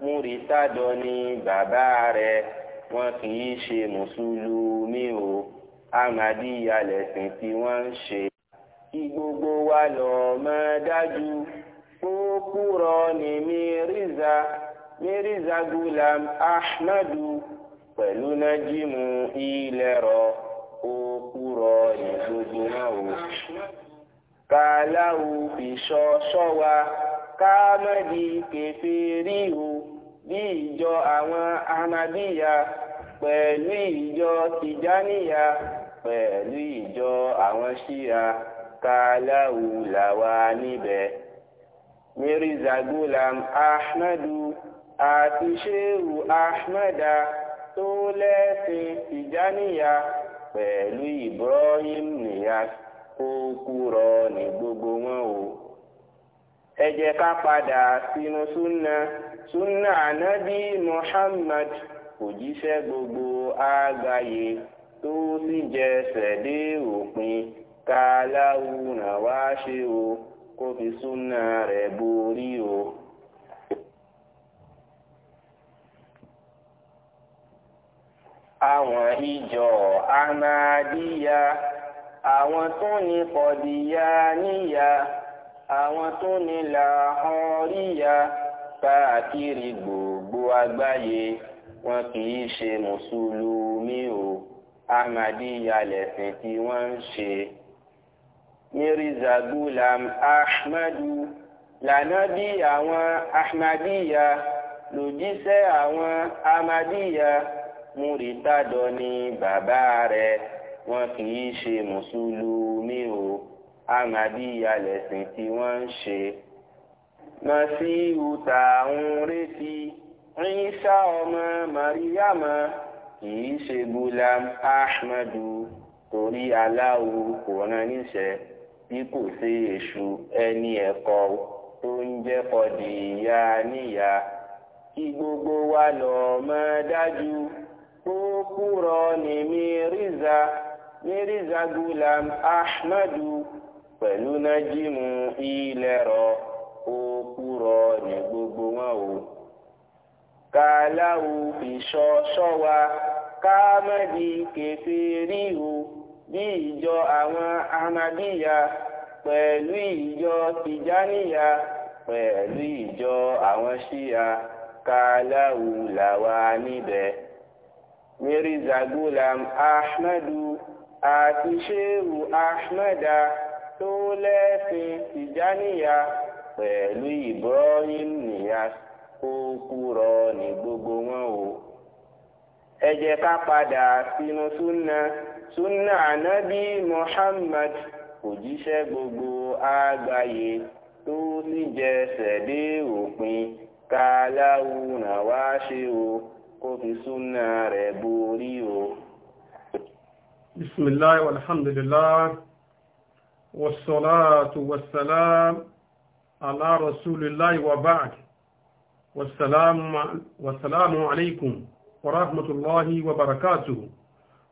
múrítàdọ ni bàbá rẹ̀ wọn kì í ṣe mùsùlùmí o amadiya lẹ̀sìn tí wọ́n ń ṣe. kí gbogbo wa lọ mọ̀ dájú ó kúrọ ní mírízà mírízà gulam ahmadu pẹ̀lú nájímù ilẹ̀rọ ó kúrọ ní gbogbo náà o. kàláwù fi ṣọ́ ṣọ́ wa káàmẹ́lì kẹfẹ́rí o bí ìjọ àwọn ahmadiyya pẹ̀lú ìjọ tijaniya pẹ̀lú ìjọ àwọn ṣíya kàláwù làwa níbẹ̀. mirza gulam ahmadu àti sheu ahmada tó lẹ́sìn tijaniya pẹ̀lú ibrahim niyas kó kúrọ ní gbogbo wọn o. ẹ jẹ́ ká padà sínú súnà súnà ànábì Muhammad òjíṣẹ́ gbogbo àgbáyé tó sì jẹsẹ̀ dé òpin ká láwùrán wá ṣe o kó fi súnà rẹ̀ borí o. àwọn ìjọ ahmadiyya àwọn tó ní kọdíyà níyà. àwọn tó ní làhọ́ríyà káàkiri gbogbo àgbáyé wọn kì í ṣe mùsùlùmí o ahmadiyya tí wọ́n ń ṣe. mirza gulam ahmadu lànábì àwọn ahmadiyya lòjíṣẹ́ àwọn ahmadiyya múritádọ ni bàbá rẹ̀ wọn kì í ṣe mùsùlùmí o àmàbí ìyàlẹ̀sìn tí wọ́n ń ṣe. màsíhù tá à ń retí Ìsá ọmọ màríyàmá kì ṣe gulam ahmadu torí aláwo kò rán níṣẹ́ bí kò sí èṣù ẹni ẹ̀kọ́ tó ń jẹ́ kọ́dì ìyá níyà kí gbogbo wa lọ mọ̀ dájú tó kúrọ ní mírízà mírízà gulam ahmadu pẹ̀lú nájímù ilẹ̀rọ òkúrọ̀ ní gbogbo wọn o. kàláwù ìṣọ́ ṣọ́wa káàmẹ́dì kẹfẹ́rí o bí ìjọ àwọn ahmadíyà pẹ̀lú ìjọ tìjáníyà pẹ̀lú ìjọ àwọn ṣíya kàláwù làwa níbẹ̀. Mirza Gulam Ahmadu àti Shehu Ahmada lẹ́sìn tìjáníyà pẹ̀lú Ibrahim nìyà ó kúrọ ní gbogbo wọn o. ẹ ká padà sínú súnà súnà ànábì Muhammad òjíṣẹ́ gbogbo àgbáyé tó sì jẹsẹ̀ dé òpin ká láwùrán wá ṣe o kó fi súnà rẹ̀ borí o. bisimilayi walhamdulilayi. والصلاة والسلام على رسول الله وبعد والسلام, والسلام عليكم ورحمة الله وبركاته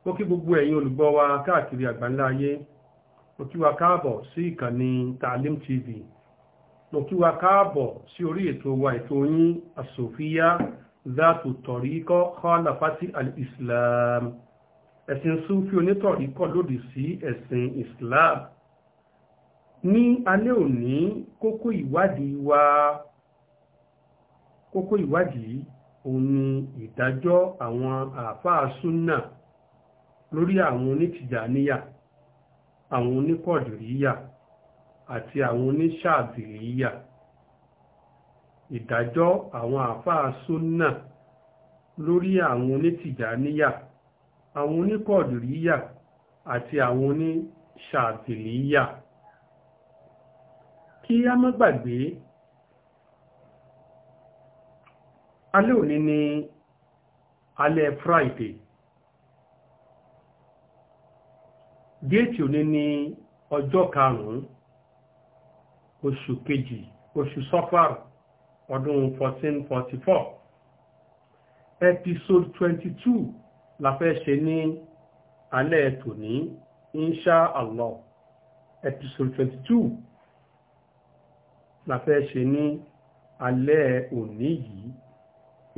ó kí gbogbo ẹ̀yin olùgbọ́ wa káàkiri àgbáńlá ayé mo kí wa káàbọ̀ sí ìkànnì Taalim TV mo kí wa káàbọ̀ sí orí ètò wa ètò yín asòfíà zatu tọ̀ríkọ́ khalafati al ẹ̀sìn sufi onítọ̀ríkọ́ lòdì sí ẹ̀sìn islam ní alẹ́ òní kókó ìwádìí wa kókó ìwádìí òun ni ìdájọ́ àwọn àáfàá súnà lórí àwọn onítìjàníyà àwọn oníkọ̀dìríyà àti àwọn oníṣàbìríyà ìdájọ́ àwọn àáfàá súnà lórí àwọn onítìjàníyà àwọn oníkọ̀dìríyà àti àwọn oníṣàbìríyà kí a má gbàgbé alẹ́ òní ni alẹ́ Friday déètì òní ni ọjọ́ karùn-ún oṣù kejì oṣù sọ́fàr ọdún 1444 episode 22 la fẹ́ ṣe ní alẹ́ tòní insha Allah episode 22 la fẹ́ ṣe ní alẹ́ òní yìí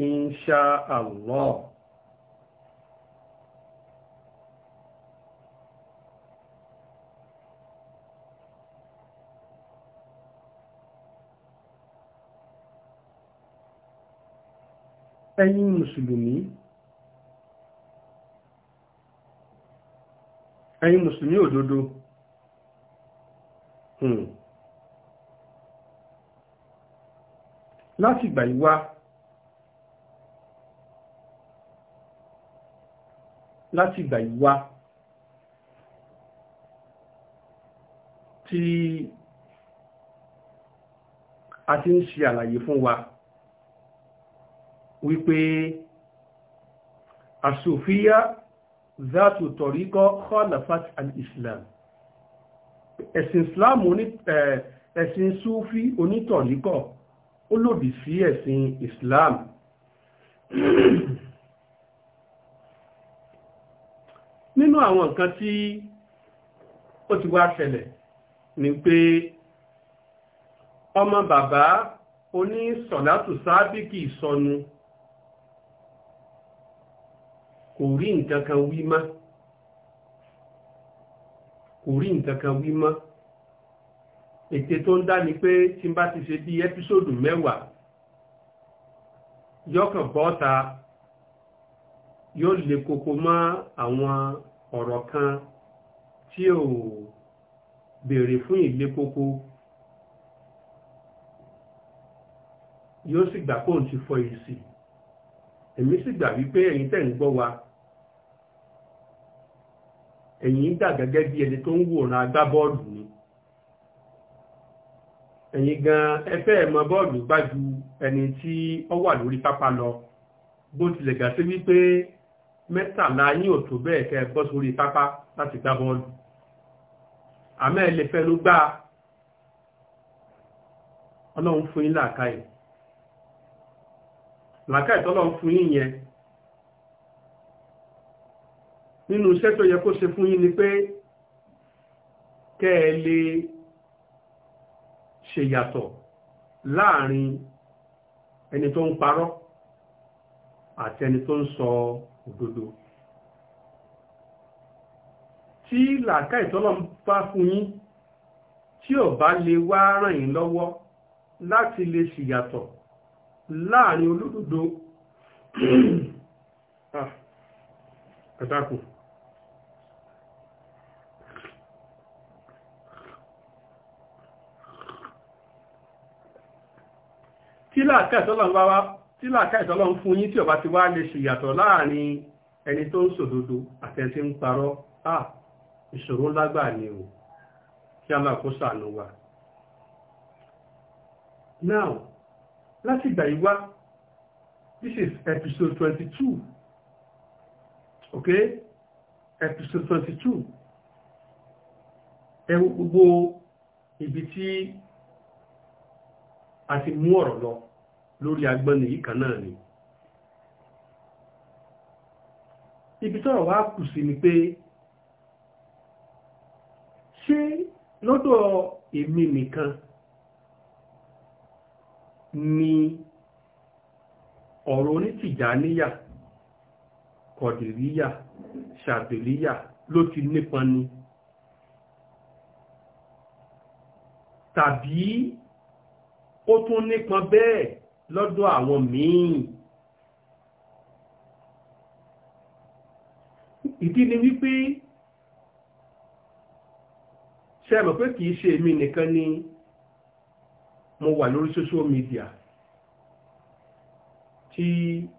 insha allah ẹ̀yin mùsùlùmí ẹ̀yin mùsùlùmí òdodo hmm. láti ìgbà yìí wá láti ìgbà yìí wá tí a ti ń ṣe àlàyé fún wa wípé àṣòfíyá zátù tọ̀ríkọ́ khalafat al-islam ẹ̀sìn islam onítọ̀ríkọ̀ ó lòdì sí ẹ̀sìn Islam nínú àwọn nǹkan tí ó ti wá ṣẹlẹ̀ ni pé ọmọ bàbá oní sọ̀látù sábíkì sọnù kò rí nǹkan kan wí kò rí nǹkan kan wí ète tó ń dá ni pé tí n bá ti ṣe bí ẹ́písòdù mẹ́wàá yọkàn bọ́ta yóò le koko mọ́ àwọn ọ̀rọ̀ kan tí ò béèrè fún ìle koko yóò sì gbà kóun ti fọ èsì èmi sì gbà wípé ẹ̀yin tẹ̀ ń gbọ́ wa ẹ̀yin dà gẹ́gẹ́ bí ẹni tó ń wòran agbábọ́ọ̀lù ni ẹ̀yin gan ẹfẹ́ ẹ̀mọ bọ́ọ̀lù gbá ju ẹni tí ó wà lórí pápá lọ bó tilẹ̀ gà sí wípé mẹ́tàlá yín ò tó bẹ́ẹ̀ kẹ́ ẹ bọ́ sórí pápá láti gbá bọ́ọ̀lù àmọ́ ẹ lè fẹnu gbá ọlọ́run fún yín làákàyè làákàyè tọ́lọ́run fún yín yẹn nínú iṣẹ́ tó yẹ kó ṣe fún yín ni pé kẹ́ ẹ lè ṣe yàtọ̀ láàrin ẹni tó ń parọ́ àti ẹni tó ń sọ òdodo tí làákà ìtọ́lọ̀ ń bá fún yín tí ò bá lè wá ràn yín lọ́wọ́ láti lè ṣìyàtọ̀ láàrin olódodo ah, ẹ̀dàkùn tílàkà ìtọ́lọ́ ń fún yín tí ọba ti wá lè ṣe ìyàtọ̀ láàrin ẹni tó ń sòdodo àtẹ̀sí ń parọ́ à ìṣòro lágbà ni o kí a máa kó sànù wa. now láti ìgbà yìí wá this is episode twenty two okay episode twenty two ẹ wo gbogbo ibi tí a ti mú ọ̀rọ̀ lọ lórí agbọ́nì yìí kan náà ni ibi tọ́rọ̀ wá kù sí ni pé ṣé lọ́dọ̀ èmi nìkan ni ọ̀rọ̀ onítìjàníyà kọ̀dìríyà ṣàdìríyà ló ti nípọn ni tàbí ó tún nípọn bẹ́ẹ̀ lọ́dọ̀ àwọn míì ìdí ni wípé ṣe mọ̀ pé kìí ṣe èmi nìkan ni mo wà lórí social media tí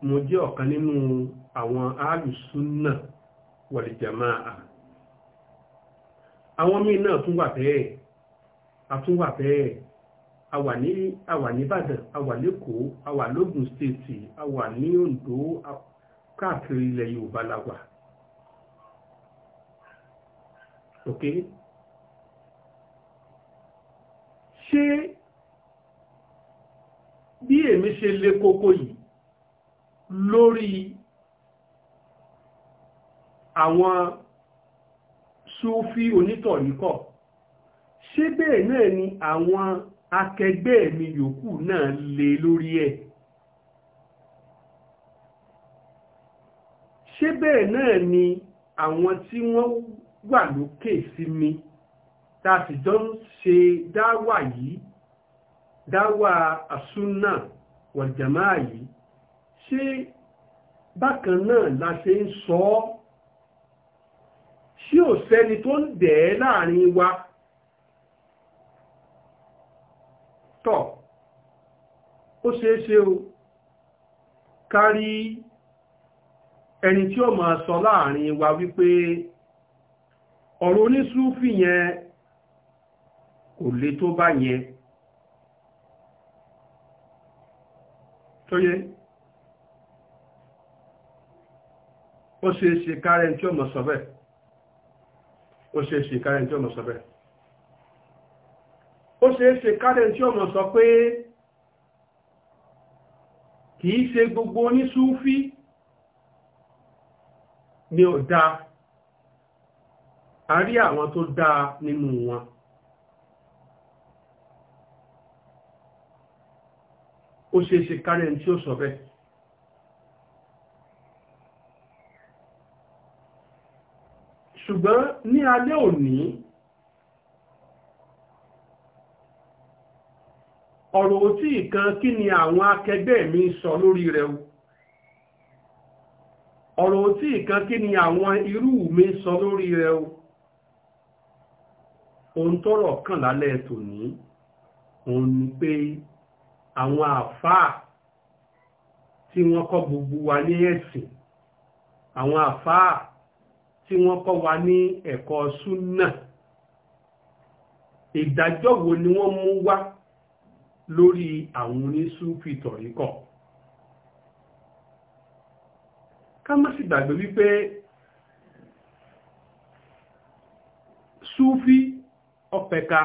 mo jẹ́ ọ̀kan nínú àwọn alùsúnnà wàlìjàmáà àwọn míì náà tún wà bẹ́ẹ̀ a tún wà bẹ́ẹ̀ a wà ní a wà nìbàdàn a wà lẹ́kọ̀ọ́ a wà lógùn stéètì a wà ní Oǹdó káàkiri ilẹ̀ Yorùbá la wà ok ṣé bí èmi ṣe lé kókó yìí lórí àwọn Súfí onítọ̀ríkọ̀ ṣé bẹ́ẹ̀ náà ni àwọn akẹgbẹ́ mi yòókù náà lè lórí ẹ̀ ṣé bẹ́ẹ̀ náà ni àwọn tí wọ́n wà lókè sí mi ta sì jọ ń ṣe dáwà yìí dáwà àsúnà wàjàmá yìí ṣé bákan náà la ṣe ń sọ ṣé ò sẹ́ni tó ń dẹ̀ láàrin wa tọ̀ ó ṣeé ṣe o kárí ẹni tí ó máa sọ láàrin wa wípé ọ̀rọ̀ onísúfì yẹn kò le tó bá yẹn yẹ ó ṣeé ṣe kárí ẹni tí ó máa sọ bẹ́ẹ̀ ó ṣe ó ṣe é ṣe kárẹ̀ tí ọmọ sọ pé kìí ṣe gbogbo onísúfí ni ò dáa a rí àwọn tó dáa nínú wọn ó ṣe é ṣe kárẹ̀ tí ó sọ bẹ́ẹ̀ ṣùgbọ́n ní alẹ́ òní ọ̀rọ̀ òtí ìkan kí ni àwọn akẹgbẹ́ mi sọ lórí rẹ̀ o ọ̀rọ̀ òtí ìkan kí ni àwọn irú mi sọ lórí rẹ̀ o ohun tọ́rọ̀ kàn lálẹ́ tòní òun ni pé àwọn àfáà tí wọ́n kọ́ gbogbo wa ní ẹ̀sìn àwọn àfáà tí wọ́n kọ́ wa ní ẹ̀kọ́ súnà ìdájọ́ wo ni wọ́n mú wá lórí àwọn onísúfì tọ̀ríkọ̀ ká má sì gbàgbé wípé súfì ọ̀pẹ̀ka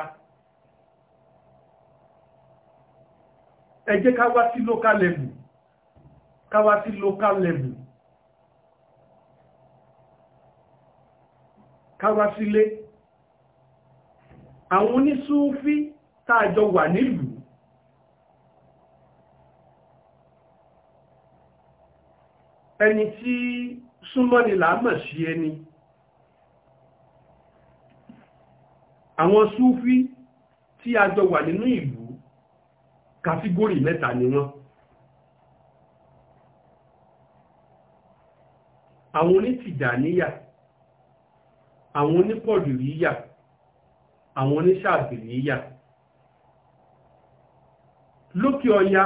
ẹ ká wá sí local level ká wá sí local level ká wá sílé àwọn onísúfì tààjọ wà nílùú ẹni tí súnmọ́ni làámọ̀ sí ẹni àwọn súfí tí a jọ wà nínú ìlú kàtígórì mẹ́ta ni wọ́n àwọn onítìjàníyà àwọn onípọ̀lùríyà àwọn oníṣàbìríyà lókè ọya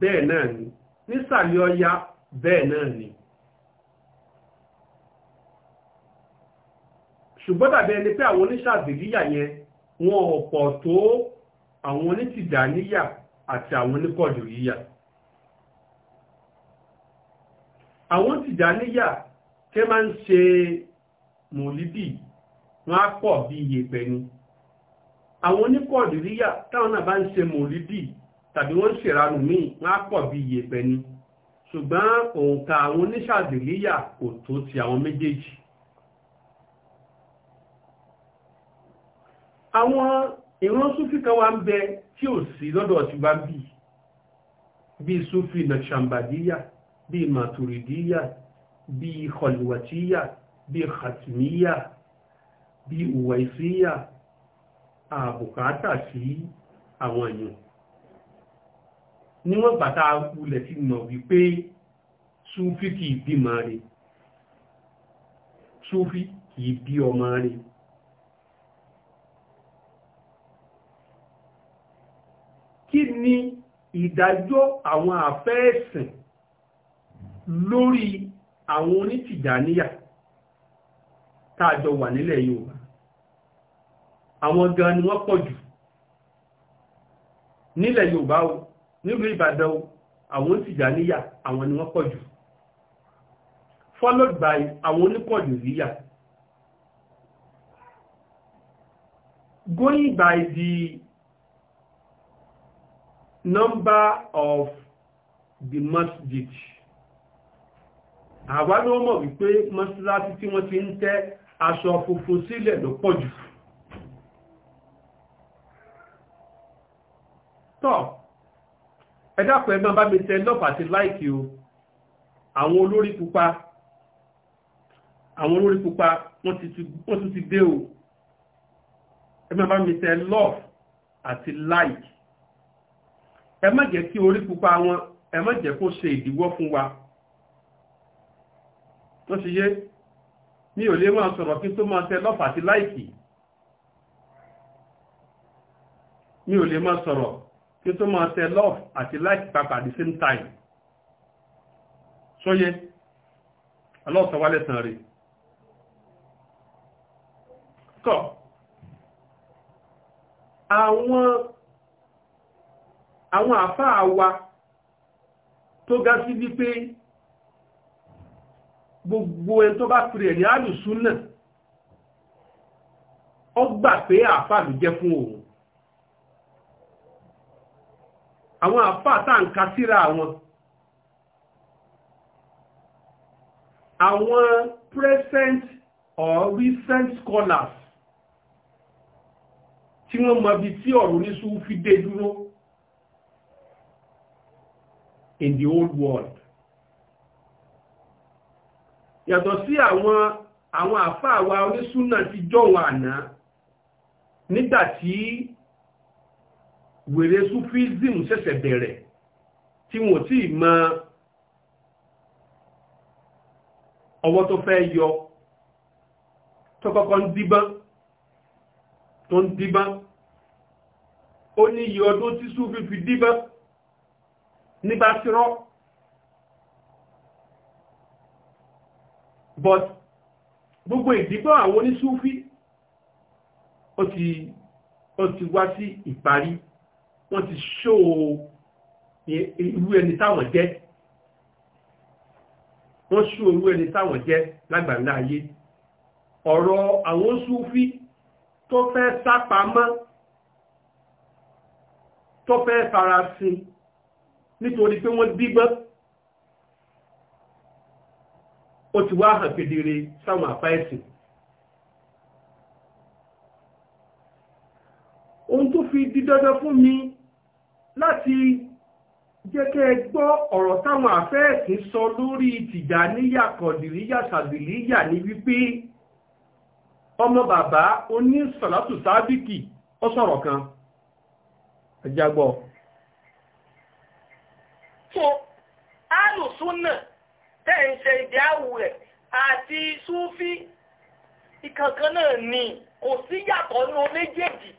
bẹ́ẹ̀ náà ni nísàlẹ̀ ọya bẹ́ẹ̀ náà ni ṣùgbọ́n dàbí ni pé àwọn oníṣàbìlíyà yẹn wọn ò tó àwọn onítìjàníyà àti àwọn oníkọ̀dùríyà àwọn tìjàníyà tẹ́ máa ń ṣe mòlídì wọ́n á pọ̀ bí ni àwọn oníkọ̀dùríyà táwọn náà bá ń ṣe mòlídì tàbí wọ́n ń míì ni ṣùgbọ́n òǹkà àwọn oníṣàdìlíyà kò tó ti àwọn méjèèjì àwọn ìran súfì kan wá ń bẹ tí ò sí lọ́dọ̀ ti bá bí bí súfì nàṣàmbàdíyà bí màtùrìdíyà bí kọlùwàtíyà bí khatimiya bí uwaisiya àbùkátà sí àwọn èèyàn níwọ̀n gbàtà wulẹ̀ ti mọ̀ wípé súfí kì í bímọ rẹ̀ súfí kì í bí ọmọ rẹ̀ kí ni ìdájọ́ àwọn àfẹ́ẹ̀sìn lórí àwọn onítìjàníyà tààjọ wà nílẹ̀ Yorùbá àwọn gan ni wọ́n pọ̀ jù nílẹ̀ Yorùbá o nílùú ìbàdàn àwọn tìjàníyà àwọn ni wọ́n pọ̀ jù followed by àwọn onípọ̀jù ríyà going by the number of the masjid àwa ló mọ̀ wípé mọ́sálásí tí wọ́n ti ń tẹ́ aṣọ funfun sílẹ̀ ló pọ̀jù tọ́ ẹ dákun ẹgbẹ́ bá mi tẹ lọ́pàá àti láìkì o àwọn olórí pupa àwọn olórí pupa wọ́n tún ti dé o ẹgbẹ́ bá mi tẹ love àti like ẹ má jẹ́ kí orí pupa wọn ẹ má jẹ́ kó ṣe ìdíwọ́ fún wa tó ṣe yé mi ò lè máa sọ̀rọ̀ kí tó máa tẹ love àti like mi ò lè máa sọ̀rọ̀ kí tó máa tẹ love àti like papà at the same time sóyé ọlọ́ọ̀sọ̀wálẹ̀sàn rẹ̀ tọ́ àwọn àwọn àfáà wa tó ga sí wípé gbogbo ẹni tó bá pèrè ẹ̀ ní àlùsùn náà ó gbà pé àfáà ló jẹ́ fún òun àwọn àfà tàǹkà síra àwọn àwọn present or recent scholars tí wọ́n mọ̀ bí tí ọ̀rọ̀ ní Súfí dé dúró in the old world yàtọ̀ sí àwọn àwọn àfà wa onísúnà ti jọ̀wọ̀ àná nígbàtí wèrè sufism ṣẹ̀ṣẹ̀ bẹ̀rẹ̀ tí wọ́n ti mọ ọwọ́ tó fẹ́ yọ tó kọ́kọ́ ń díbọ́n tó ń díbọ́n ó ní iye ọdún tí súfì fi díbọ́n nígbà sírọ́ but gbogbo ìdíbọ́n àwọn onísúfì ó ti wá sí ìparí wọ́n ti ṣó irú ẹni táwọn jẹ́ wọ́n ṣó irú ẹni táwọn jẹ́ lágbàlá ayé ọ̀rọ̀ àwọn súfí tó fẹ́ sápamọ́ tó fẹ́ farasin nítorí pé wọ́n dígbọ́n ó ti wá hàn kedere sáwọn àpá ẹ̀sìn ohun tó fi di dandan fún mi láti jẹ́ kẹ́ ẹ gbọ́ ọ̀rọ̀ táwọn àfẹ́ẹ̀sì sọ lórí tìjàníyà kọ̀dìríyà sàbìlíyà ní wípé ọmọ bàbá oní sàlátù sábìkì ó sọ̀rọ̀ kan ẹjagbọ́. so alùsúnà tẹ́ ń ṣe ìdí àwù rẹ̀ àti súfí ìkankan náà ni kò sí yàtọ̀ nínú méjèèjì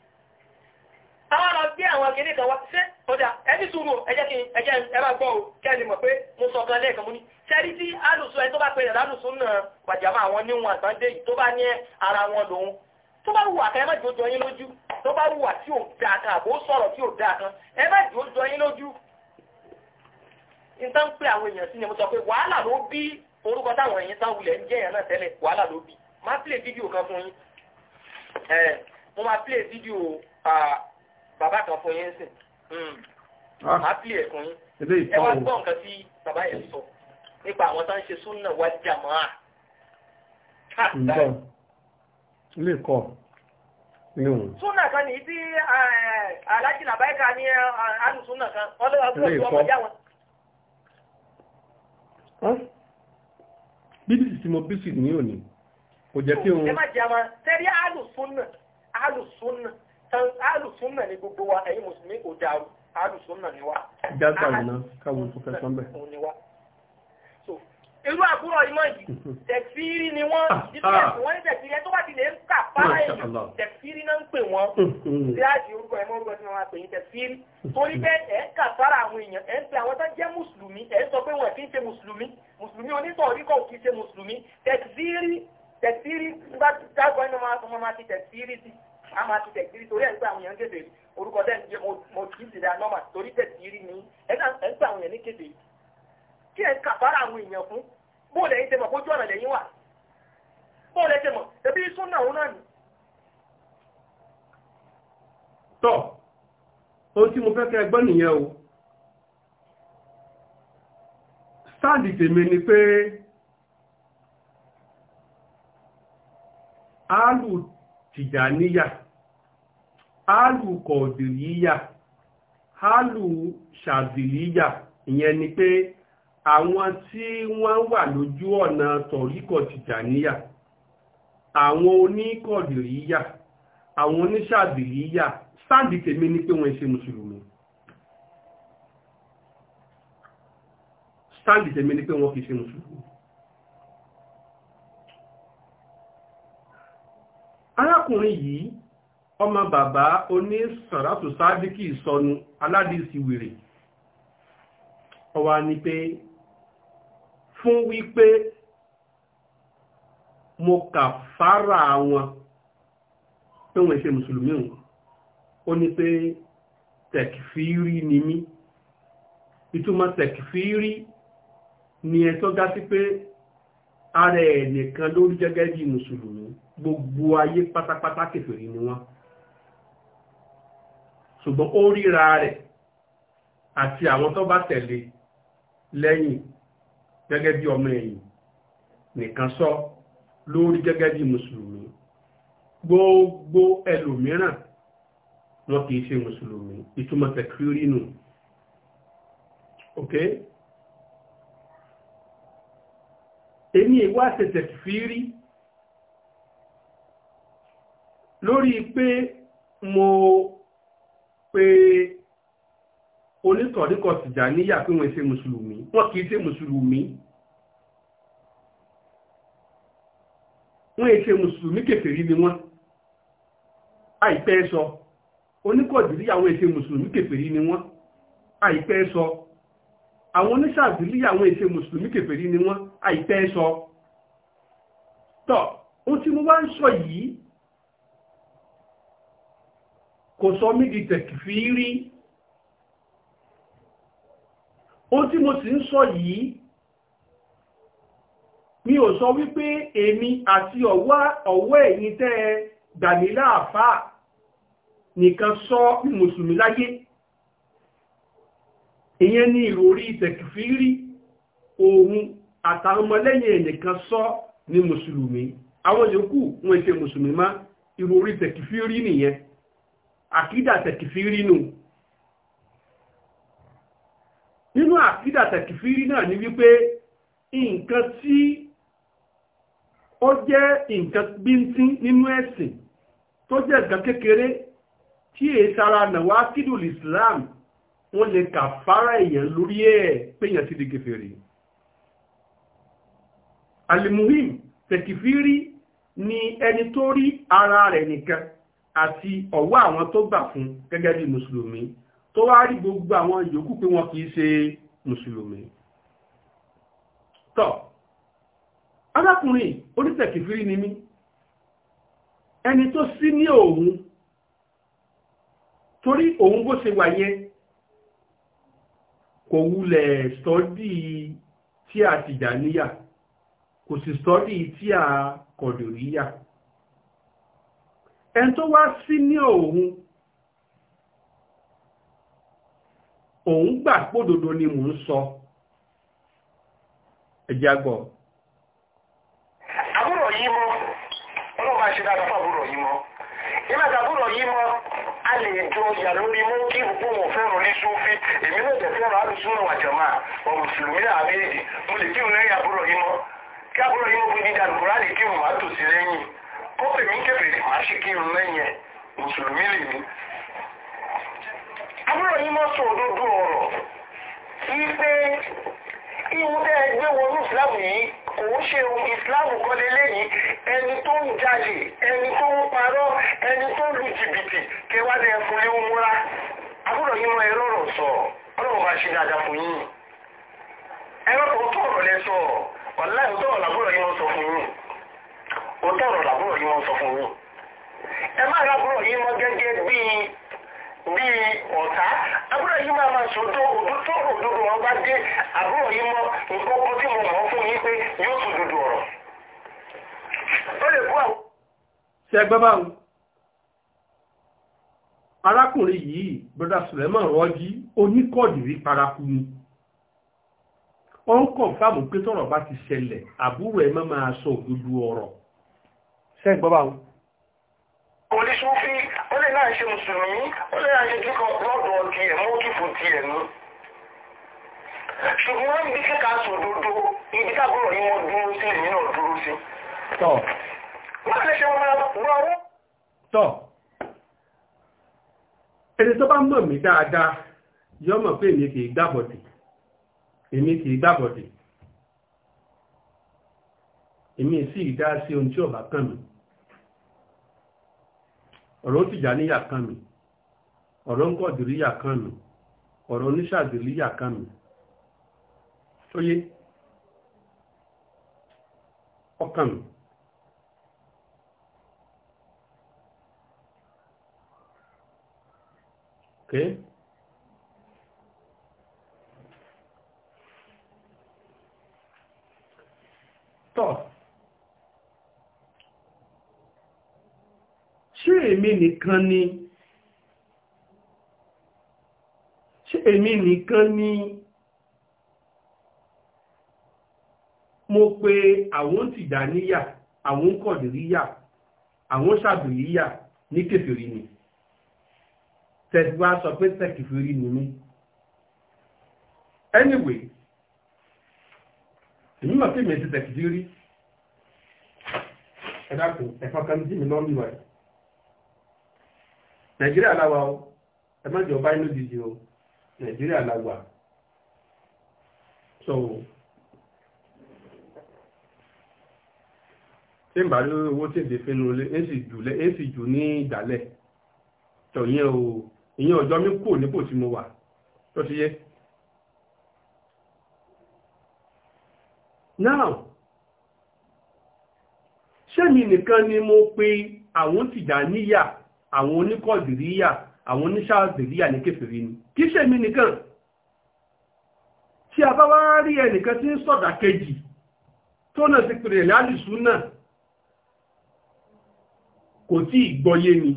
àwọn ọ̀rọ̀ gbé àwọn akẹ́lẹ́ kan wá ṣé ọjà ẹbí sùúrù ẹjẹ́ kí ẹjẹ́ ẹbá gbọ́ ò kẹ́lì mọ̀ pé mo sọ kan lẹ́ẹ̀kan mú ní sẹ́rí tí alùsù ẹni tó bá pẹ̀lẹ̀ lálùsù náà pàjámà àwọn níwọ̀n àtàndé yìí tó bá ní ara wọn lòun tó bá wù àkẹ́ má jòjọ yín lójú tó bá wù àti ò dáa kan àbó sọ̀rọ̀ tí ò bàbá kan fún yín sìn hmm. máa ah. pìlì ẹ̀kún yín ẹ wá gbọ́ nǹkan tí bàbá yẹn sọ nípa àwọn tó ń ṣe súnà wá jàmáà ilé kọ́ ilé òun súnà kan ní tí alájì làbáyíká ní alùsúnà kan ọlọ́wọ́ ọmọdé àwọn bíbí tí mo bí sí ní òní kò jẹ́ kí òun ẹ má jẹ́ wọn tẹ́rí alùsúnà alùsúnà tán alùsùn náà ni gbogbo wa ẹ̀yin mùsùlùmí kò dàrú alùsùn náà ni wa. dáta nìyẹn káwọn tó fẹ́ sọ́nbẹ̀. irú àbúrò ìmọ̀ yìí tẹ̀fírí ni wọ́n ah, ah. wọ́n ní tẹ̀fírí ẹ tó bá ti lè ń kà fáwọn èyí tẹ̀fírí náà ń pè wọ́n mm-hmm. bí àti orúkọ ẹ̀mọ́ orúkọ tí wọ́n máa pè ní tẹ̀fírí torí pé ẹ̀ ń kà fára àwọn èèyàn ẹ̀ ń pe àwọn tó jẹ́ mùsùlùmí ẹ̀ ń sọ pé wọn kì í ṣe mùsùlùmí mùsùlùmí onítọ̀ọ́rí kọ̀ kì í ṣe mùsùlùmí tẹ̀fírí tẹ̀fírí nígbà tí dágbọ́n ní wọn máa ti tẹ̀fírí sí a máa ti tẹ̀ kiri torí ẹ̀ ń gbà àwọn èèyàn kéde orúkọ dẹ́n jẹ́ mo kì í ti da nọ́mà torí tẹ̀ kiri ni ẹ̀ ń gbà àwọn èèyàn ní kéde kí ẹ̀ ń kàfàrà àwọn èèyàn fún bó lẹ́yìn tẹ mọ̀ kójú ọ̀nà lẹ́yìn wà bó lẹ́yìn tẹ mọ̀ ẹbí súnà òun náà nì. tọ́ ohun tí mo fẹ́ kẹ́ gbọ́ nìyẹn o sáàdì tèmi ni pé áàlù tijaniya áàlù kọ̀ọ̀dìríyà áàlù ìyẹn ni pé àwọn tí wọn wà lójú ọ̀nà tọ̀ríkọ̀ tìjàníyà àwọn oníkọ̀ọ̀dìríyà àwọn oníṣàdìríyà sáàdì tèmi ni pé fi ṣe mùsùlùmí arákùnrin yìí ọmọ bàbá oní sàrátù sáàdìkì ìsọnu aládìsí wèrè ọwá ni pé fún wípé mo kà fara wọn pé wọ́n ṣe mùsùlùmí wọn ó ní pé tẹ̀kìfìrí ni mí ìtumọ̀ tẹ̀kìfìrí ni ẹ sí pé ara ẹ̀ nìkan lórí gẹ́gẹ́ bí mùsùlùmí gbogbo ayé pátápátá kèfèrí ni wọ́n ṣùgbọ́n ó ríra rẹ̀ àti àwọn tó bá tẹ̀lé lẹ́yìn gẹ́gẹ́ bí ọmọ ẹ̀yìn nìkan sọ lórí gẹ́gẹ́ bí mùsùlùmí gbogbo ẹlòmíràn wọn kìí ṣe mùsùlùmí ìtumọ̀ tẹ̀kírí nù èmi ìwá tẹ̀tẹ̀ fi rí lórí pé mo pe onítọ̀ríkọ̀ Tìjàníyà pé wọ́n ṣe mùsùlùmí wọ́n kìí ṣe mùsùlùmí wọ́n ṣe mùsùlùmí kèfèrí ni wọ́n àìpẹ́ sọ oníkọ̀dìrí àwọn ṣe mùsùlùmí kèfèrí ni wọ́n àìpẹ́ sọ àwọn oníṣàbílì àwọn èsè mùsùlùmí kèfèrí ni wọ́n àìtẹ́ sọ tọ́ ohun tí mo wá ń sọ yìí kò sọ mí di tẹ̀kìfìrí ohun tí mo sì ń sọ yìí mi ò sọ wípé èmi àti ọ̀wọ́ ẹ̀yin tẹ́ gbàmílà àfáà nìkan sọ mùsùlùmí láyé ìyẹn ní ìròrí tẹ̀kìfìrí òun àtàwọn ọmọlẹ́yìn ẹnìkan sọ ní mùsùlùmí àwọn yòókù wọn ṣe mùsùlùmí má ìròrí tẹ̀kìfìrí nìyẹn àkídà tẹ̀kìfìrí nù nínú àkídà tẹ̀kìfìrí náà ni wípé nǹkan tí ó jẹ́ nǹkan bíntín nínú ẹ̀sìn tó jẹ́ nǹkan kékeré tí èsàrà nàwá kídùl Islam wọ́n lè kà fárá èèyàn lórí ẹ̀ péyàn ti di kèfèrí alimuhim tẹ̀kìfírí ni ẹni tó rí ara rẹ̀ nìkan àti ọ̀wọ́ àwọn tó gbà fún gẹ́gẹ́ bí mùsùlùmí tó wá rí gbogbo àwọn yòókù pé wọn kìí ṣe mùsùlùmí tọ́ arákùnrin onítẹ̀kìfírí ni mí ẹni tó sí ní òun torí òun bó ṣe wà yẹn kò wulẹ̀ stọ́dì tí a tìjàníyà kò sì stọ́dì tí a kọ̀dùríyà ẹn tó wá sí ní òun òun gbà pódòdó ni mò ń sọ ẹjá gbọ́ àbúrò yìí mọ́ ọlọ́pàá ṣe dáadáa fún àbúrò yìí mọ́ ìmẹ́ta àbúrò yìí mọ́ a lè jọ yà lórí mú kí gbogbo wọn fẹ́ràn ní sófin èmi náà tẹ̀ fẹ́ràn alùsùn náà wàjọ̀má ọ̀ mùsùlùmí àbẹ́ẹ̀dì mo lè kírun lẹ́yìn àbúrò yín mọ́ kí àbúrò yín mọ́ bí dídá lùkúrá lè kírun má tò sí lẹ́yìn kó pè mí kébèrè má ṣe kírun lẹ́yìn ẹ̀ mùsùlùmí lè ní. àbúrò yín mọ́ sọ òdodo ọ̀rọ̀ wípé ihun tẹ́ ẹ gbé wọnú ìsìlámù yìí òun ṣe ìsìláàmù kan lélẹ́yìí ẹni tó ń jalè ẹni tó ń parọ́ ẹni tó ń lu jìbìtì kẹwàá ẹ̀fọ́ ẹ̀ ń múra agbọ́dọ̀ yín wọn ẹ̀rọ ọ̀rọ̀ sọ ọlọ́run bá ṣe dáadáa fún yín ẹ̀rọ tó tọ̀ ọ̀rọ̀ lẹ sọ ọ̀la ìtọ̀ ọ̀rọ̀ làbúrọ̀ yín wọn sọ fún yín òtọ̀ ọ̀rọ̀ làbúrọ̀ yín wọn sọ fún yín ẹ má làbúrọ̀ yín wọn gẹ́gẹ́ bíi bí ọ̀tá àbúrò yìí máa máa sòótọ́ òdú tó òdodo wọn bá dé àbúrò yìí mọ nǹkan kan tí mo mọ̀ fún yín pé yóò tún dodo ọ̀rọ̀. ó lè bú àwọn. ṣe ẹgbẹ́ báwọn arákùnrin yìí broda Suleiman rọ́jí oníkọ́ọ̀dìrí paraku ni ó ń kọ̀ fáàmù pé tọ́rọ̀ bá ti ṣẹlẹ̀ àbúrò ẹ̀ má máa sọ òdodo ọ̀rọ̀ ṣe ẹgbẹ́ báwọn. oníṣòfin náà ṣe mùsùlùmí ó lè ṣe tí kan lọ́dọ̀ ti ẹ̀ mọ́ kífò ti ẹ̀ mú ṣùgbọ́n ibi tí ká sọ òdodo ibi tábọ̀rọ̀ yìí wọ́n dúró sí èmi náà dúró sí. tọ́ wọ́n lè ṣe wọn lọ wọ́n. tọ́ ẹni tó bá mọ̀ mí dáadáa yọ mọ̀ pé èmi kì í gbàbọ̀dì èmi kì í gbàbọ̀dì èmi sì dá sí ohun tí ọ̀bà kàn mí ọ̀rọ̀ tìjàníyà kan mi ọ̀rọ̀ ń kọ̀dìríyà kan mi ọ̀rọ̀ oníṣàdìríyà kan mi tó yé ọkàn mi okay tọ́ ṣé èmi nìkan ni ṣé èmi nìkan ni mo pe àwọn tìdáníyà àwọn kọ̀dìríyà àwọn ṣàbìlíyà ní kèfèrí ni tẹ̀síwá sọ pé tẹ̀kèfèrí ni mí anyway èmi mọ̀ pé mi ti tẹ̀kèfèrí ẹ̀dàkùn ẹ̀fọ́kan tí mi lọ́lùwẹ̀ẹ́ nàìjíríà làwà o ẹ má jọ báyìí lójijì o nàìjíríà làwà so tí n bá rí owó tí èdè fínú lé ń sì jù lé ń sì jù ní ìdálẹ̀ tó yẹn o ìyẹn ọjọ́ mi kù nípò tí mo wà tó ti yẹ. now ṣé nìkan ni mo pe àwọn tìjà níyà àwọn oníkọ̀dìríyà àwọn oníṣàdìríyà ní kèfèrí ni kí ṣe mi nìkan tí a bá wá rí ẹnìkan tí ń sọ̀dà kejì tó náà ti pèrè lálìsú náà kò tí ìgbọ́yé ni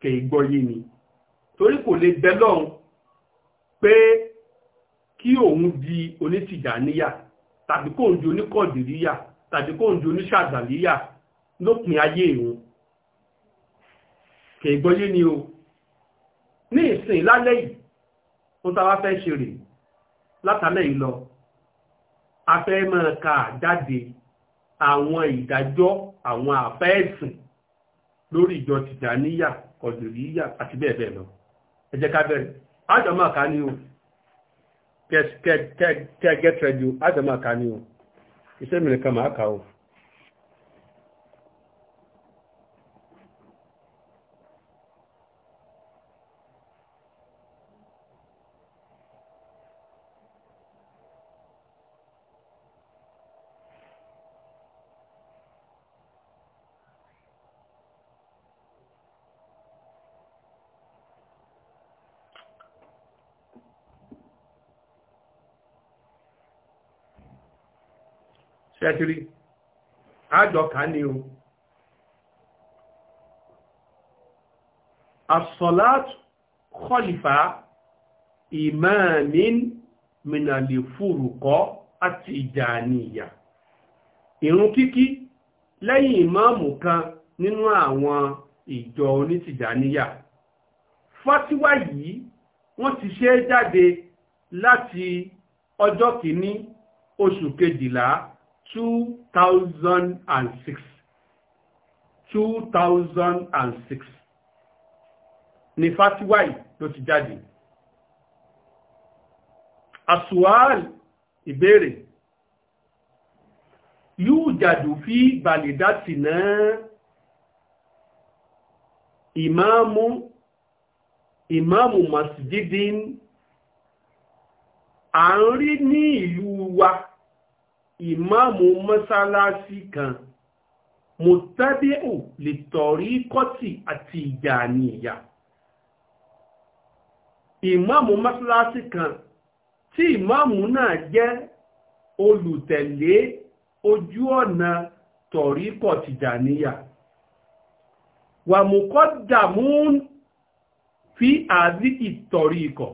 kè ìgbọ́yé ni torí kò lè bẹ lọ́hùn pé kí òun di onítìjàníyà tàbí kóhun di oníkọ̀dìríyà tàbí kóhun di oníṣàdàlíyà lópin ayé ìhun kì í gbọ́yé ni o ní ìsìn lálẹ́ yìí ó tàwa fẹ́ ṣe rè látàlẹ́ yìí lọ a fẹ́ máa ka jáde àwọn ìdájọ́ àwọn àfẹ́ẹ̀sìn lórí ìjọ tìjàníyà kọ̀dùríyà àti bẹ́ẹ̀ bẹ́ẹ̀ lọ ẹ jẹ́ ká bẹ̀rẹ̀ àjọ máa ká ní o kẹ́ẹ̀gẹ́tẹ̀ẹ́dì àjọ máa o iṣẹ́ mìíràn kan máa kà o. tẹ́tírí àjọ ká ní o asọ́látù kọlìfà ìmáàmín mìnàlè fúrùkọ́ àti ìjàníyà ìrun kíkí lẹ́yìn ìmáàmù kan nínú àwọn ìjọ onítìjàníyà fátíwá yìí wọ́n ti ṣe jáde láti ọjọ́ kìíní oṣù kejìlá 2006 2006 ni fatiwa yìí ló ti jáde asuwal ìbéèrè yóò jàdù fi balidati náà ìmáàmù ìmáàmù masjidin à ń rí ní ìlú ìmáàmù mọ́sálásí kan mùtẹ́bíù lè tọ̀rí kọ́tì àti ìjà ní ìyá ìmáàmù mọ́sálásí kan tí ìmáàmù náà jẹ́ olùtẹ̀lé ojú ọ̀nà tọ̀rí kọ̀tì dàníyà wà mú kọ́ dàmú fi àdí ìtọ̀rí ikọ̀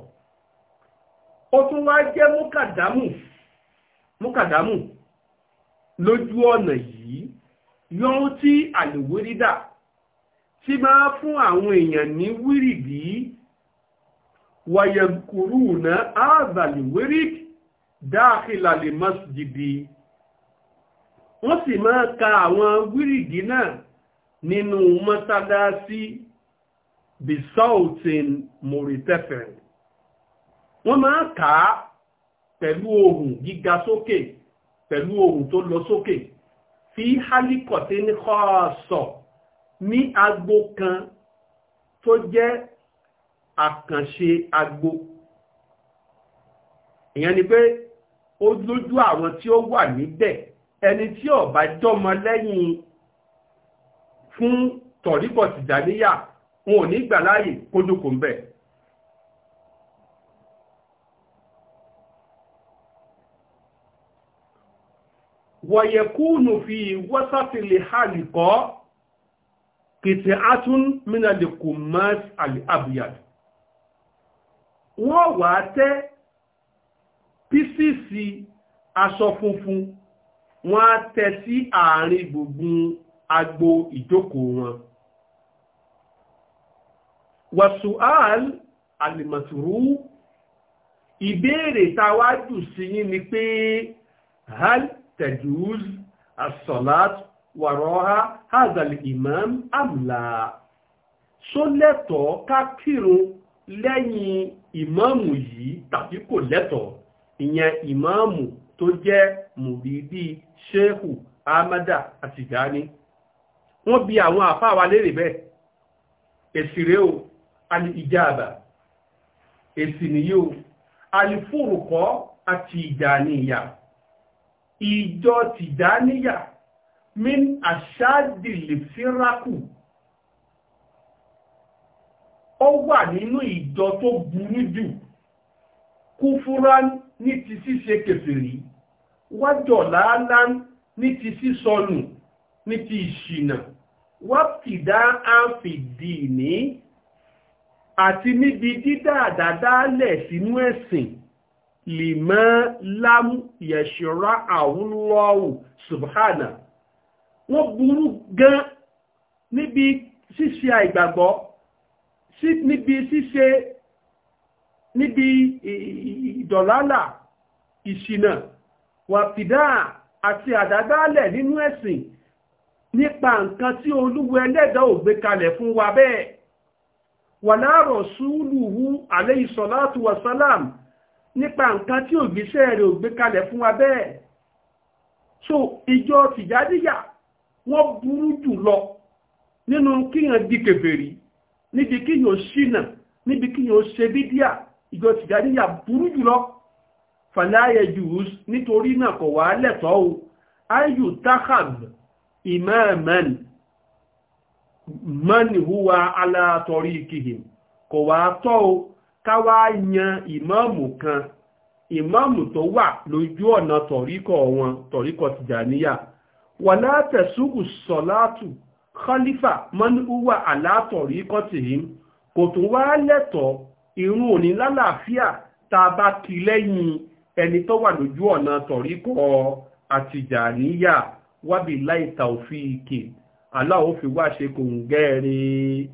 ó tún wá jẹ́ múkàdámù múkàdámù lójú ọ̀nà yìí yọrún tí àlèwérídà tí máa fún àwọn èèyàn ní wírìdì wàyẹ̀kùrù náà àbàlèwérídì dáàkìlà lè mọ́sídìdì wọ́n sì máa ka àwọn wírìdì náà nínú mọ́sálásí bisaltin moritefen wọ́n máa kà pẹ̀lú ohùn gíga sókè. So pẹ̀lú ohun tó lọ sókè fi hálíkọ̀tẹ́ ní kọ́ọ̀sọ̀ ní agbo kan tó jẹ́ àkànṣe agbo ìyẹn ni pé ó lójú àwọn tí ó wà níbẹ̀ ẹni tí ó bá jọmọ lẹ́yìn fún tọ̀ríkọ̀ tìjàníyà wọn ò ní gbà láàyè kójókòó ń bẹ̀ wọ̀yẹ̀kúnù fi wọ́sàtìlẹ̀ hàlìkọ́ kìtì átún mínàlìkù mọ́s àbíyàd wọ́n wà tẹ́ písìsì aṣọ funfun wọ́n á tẹ́ sí àárín gbùngbùn agbo ìjókòó wọn wàsùál alìmọ̀tìrú ìbéèrè tàwájú sí yín ni pé hal tẹ̀júz asọ̀lát wàrọ́há hazali imam amla ṣó lẹ́tọ̀ọ́ ká kírun lẹ́yìn ìmáàmù yìí tàbí kò lẹ́tọ̀ọ́ ìyẹn ìmáàmù tó jẹ́ mùrídí ṣéhù amada àtìgáni wọ́n bi àwọn àfáà wa léèrè bẹ́ẹ̀ èsì rẹ̀ o àni ìjàbà èsì nìyí o àlìfòrùkọ́ àti ìjà níyà ìjọ tìjáníyà min àṣádìlè fírákù ó wà nínú ìjọ tó burú jù kúfúrán ní ti ṣíṣe kèfèrí wájọ̀ láálán ní ti sísọnù ní ti ìṣìnà wápìdá àfìdì ní àti níbi dídá àdádálẹ̀ sínú ẹ̀sìn lìmọ́ lám yẹ̀ṣọ́rá àwúlọ́wù subhana wọ́n burú gan níbi ṣíṣe àìgbàgbọ́ níbi ṣíṣe níbi ìdọ̀lálà ìṣìnà wàfìdá àti àdádálẹ̀ nínú ẹ̀sìn nípa nǹkan tí olúwa ẹlẹ́dà ò gbé kalẹ̀ fún wa bẹ́ẹ̀ wà láàrọ̀ súúlùú alayhi salatu wa salam nípa nǹkan tí ògbésẹ̀ rẹ̀ ò gbé kalẹ̀ fún wa bẹ́ẹ̀ so ìjọ tìjádìyà wọ́n burú jù lọ nínú kíyàn di kèfèrí níbi kíyàn ó ṣìnà níbi kíyàn ó ṣe bídíà ìjọ tìjádìyà burú jù lọ fàlàyé jùús nítorí náà kò wá lẹ́tọ́ o ayu tahab imaman man huwa ala torikihim kò wá tọ́ o ká wá yan ìmáàmù kan ìmáàmù tó wà lójú ọ̀nà tọ̀ríkọ̀ wọn tọ̀ríkọ̀ tìjàníyà wà látẹ̀sùkù sọ̀látù khalifa mọ́níhúwà alátọ̀ríkọ̀ tìhín kò tún wá lẹ́tọ̀ọ́ irun òní lálàáfíà tá a bá kí lẹ́yìn ẹni tó wà lójú ọ̀nà tọ̀ríkọ̀ àtìjàníyà wábìláì tàòfíìkì aláwo fi wá ṣe kò ń gẹ́rin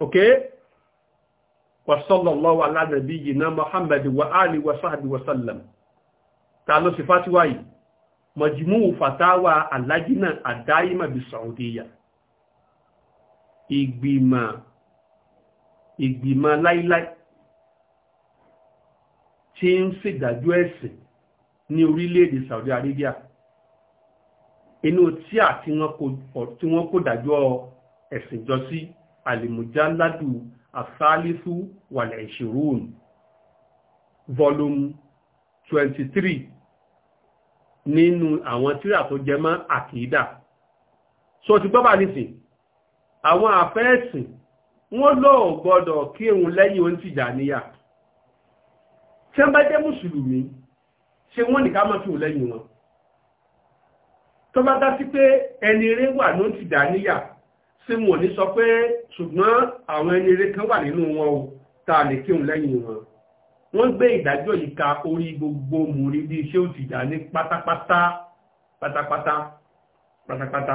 okay وصلى الله على نبينا محمد وآله وصحبه وسلم تعالوا صفات واي مجموع فتاوى اللجنة الدائمة بالسعودية ìgbìmọ̀ ìgbìmọ̀ láíláí tí ń ṣèdájọ́ ẹ̀sìn ní orílẹ̀-èdè Saudi Arabia inú tí àti wọn kò dájọ́ ẹ̀sìn jọ sí alimujalladu asalisu wàlẹ̀ ìṣirun volume twenty three nínú àwọn tírà tó jẹ mọ́ àkìdá so ti gbọ́ bá nísìn àwọn àfẹ́ẹ̀sìn wọ́n lọ gbọ́dọ̀ kírun lẹ́yìn ohun tìjà níyà tí wọ́n bá jẹ́ mùsùlùmí ṣe wọ́n nìká mọ́ kírun lẹ́yìn wọn tó bá dá sí pé ẹni eré wà ló ń tìjà níyà tí mo ní sọ pé ṣùgbọ́n àwọn ẹni eré kan wà nínú wọn o tá a lè kírun lẹ́yìn wọn wọ́n gbé ìdájọ́ yìí ka orí gbogbo mùrí bí iṣẹ́ òtìjà ní pátápátá pátápátá pátápátá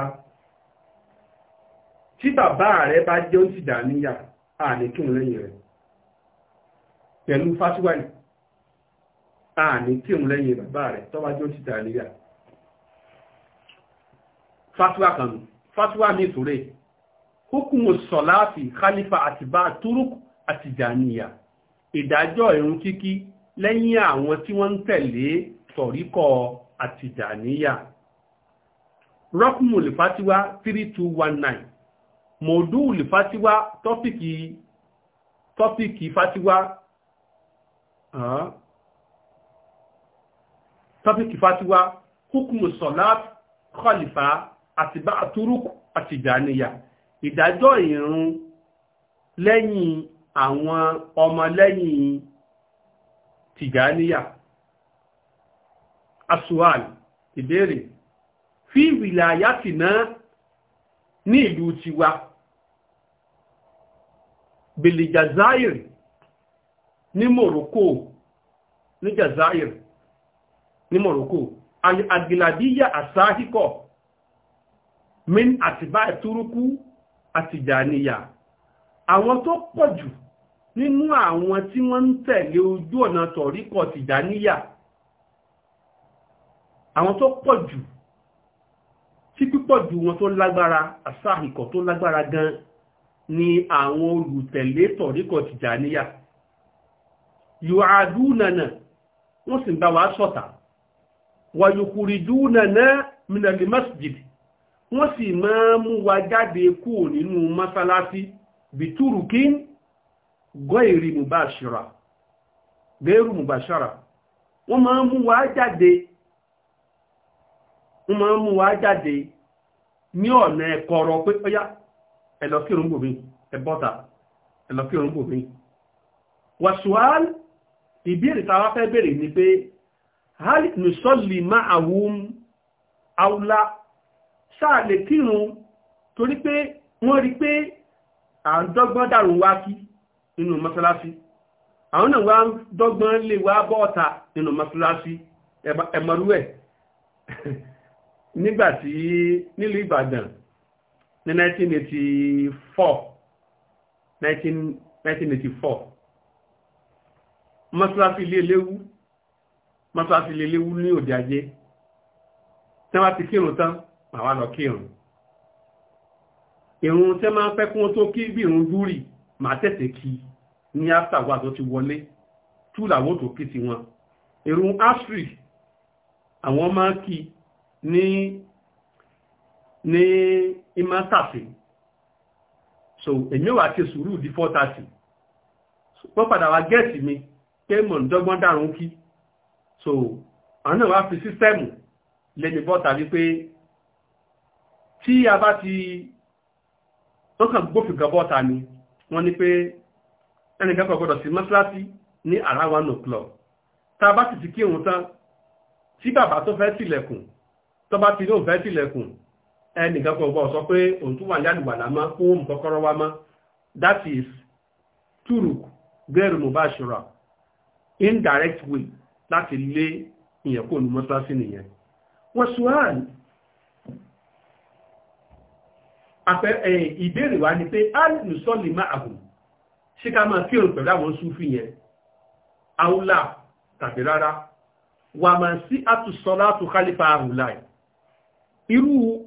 tí bàbá rẹ bá jẹ́ òtìjà níyà a lè kírun lẹ́yìn rẹ̀ pẹ̀lú fásiwáyì a ní kírun lẹ́yìn bàbá rẹ̀ tó bá jẹ́ òtìjà níyà fásiwá kan fásiwá mi sòrè hukumu sọ̀láàfì khalifa àtibá turuk àtìjàníyà ìdájọ́ ìrun kíkí lẹ́yìn àwọn tí wọ́n ń tẹ̀lé tọ̀ríkọ̀ àtìjàníyà rọ́kùnmù lìfátíwá 3219 mọ̀ọ́dú lìfátíwá tọ́pìkì tọ́pìkì fátíwá ah, tọ́pìkì fátíwá hukumu sọ̀láàfì khalifa àtibá turuk àtìjàníyà ìdájọ́ ìrun lẹ́yìn àwọn ọmọlẹ́yìn tìjáníyà asuwal ìbéèrè fi wilayatina ní ìlú tiwa bèlè jazair ní morocco ní jazair ní morocco al-agiladiyya asahikọ min àtìbá ìtúrúkú àtìjàníyà àwọn tó pọ̀ jù nínú àwọn tí wọ́n ń tẹ̀lé ojú ọ̀nà tọ̀ríkọ̀ tìjàníyà àwọn tó pọ̀ jù tí pípọ̀ jù wọn tó lágbára àsáhìkọ̀ tó lágbára gan ni àwọn olùtẹ̀lé tọ̀ríkọ̀ tìjàníyà yóò àdúnànà wọ́n sì ń bá wa sọ̀tà wàyòkùrìdúnànà mìnàlì masjidi wọ́n sì máa mú wa jáde kúrò nínú mọ́sálásí bìtúrùkín gọ́ìrì mùbáṣíra bẹ́ẹ̀rù mùbáṣára wọ́n máa mú wa jáde wọ́n máa mú wa jáde ní ọ̀nà ẹ̀kọ́rọ̀ pé ọyá ẹ̀lọ́kírùn bòmí ẹ̀bọ́ta ẹ̀lọ́kírùn bòmí wàṣùwàl ìbéèrè hal nùsọ́lì máa aula sáà lè kírun torí pé wọ́n rí pé à ń dọ́gbọ́n dàrú wá kí nínú mọ́sálásí àwọn náà wá ń dọ́gbọ́n lè wá bọ́ ọ̀tà nínú mọ́sálásí ẹ̀mọ́rú ẹ̀ nígbàtí nílùú Ìbàdàn ní 1984 1984 mọ́sálásí ilé léwu mọ́sálásí ilé léwu ní òde ajé tí wọ́n ti kírun tán màá wá lọ kírun ìrun tẹ́ máa ń fẹ́ kún tó kí bí ìrun dúrì màá tètè kí ní áfítàwà tó ti wọlé tú làwọn tó kí tiwọn ìrun asri àwọn máa ń kí ní ní imátàsí so èmi wà ti sùúrù di 430 wọ́n padà wá gẹ́ẹ̀tì mi pé mọ̀ ń dọ́gbọ́n dàrún kí so àwọn náà wá fi sísẹ́mù lẹ́nu bọ́ta wípé tí a bá ti tókàn gbófin kan ni wọ́n ní pé ẹnìkan kò gbọ́dọ̀ sí mọ́sálásí ní àrá one o'clock tá a bá sì ti kí òun tán tí bàbá tó fẹ́ tìlẹ̀kùn tó bá ti ní òun fẹ́ tìlẹ̀kùn ẹnìkan kò gbọ́ sọ pé òun tún wà yálùwàlá mọ́ mọ́ that is turuk gẹ́rù mubashira indirect way láti lé ìyẹ̀kọ́ ìbéèrè wa ni pé alìsọ́lì máa àbùn ṣe ká máa kí òun pẹ̀lú àwọn súnfì yẹn aula tàbí rárá wà máa sí àtúsọ́lá tó kálífà àrùlà irú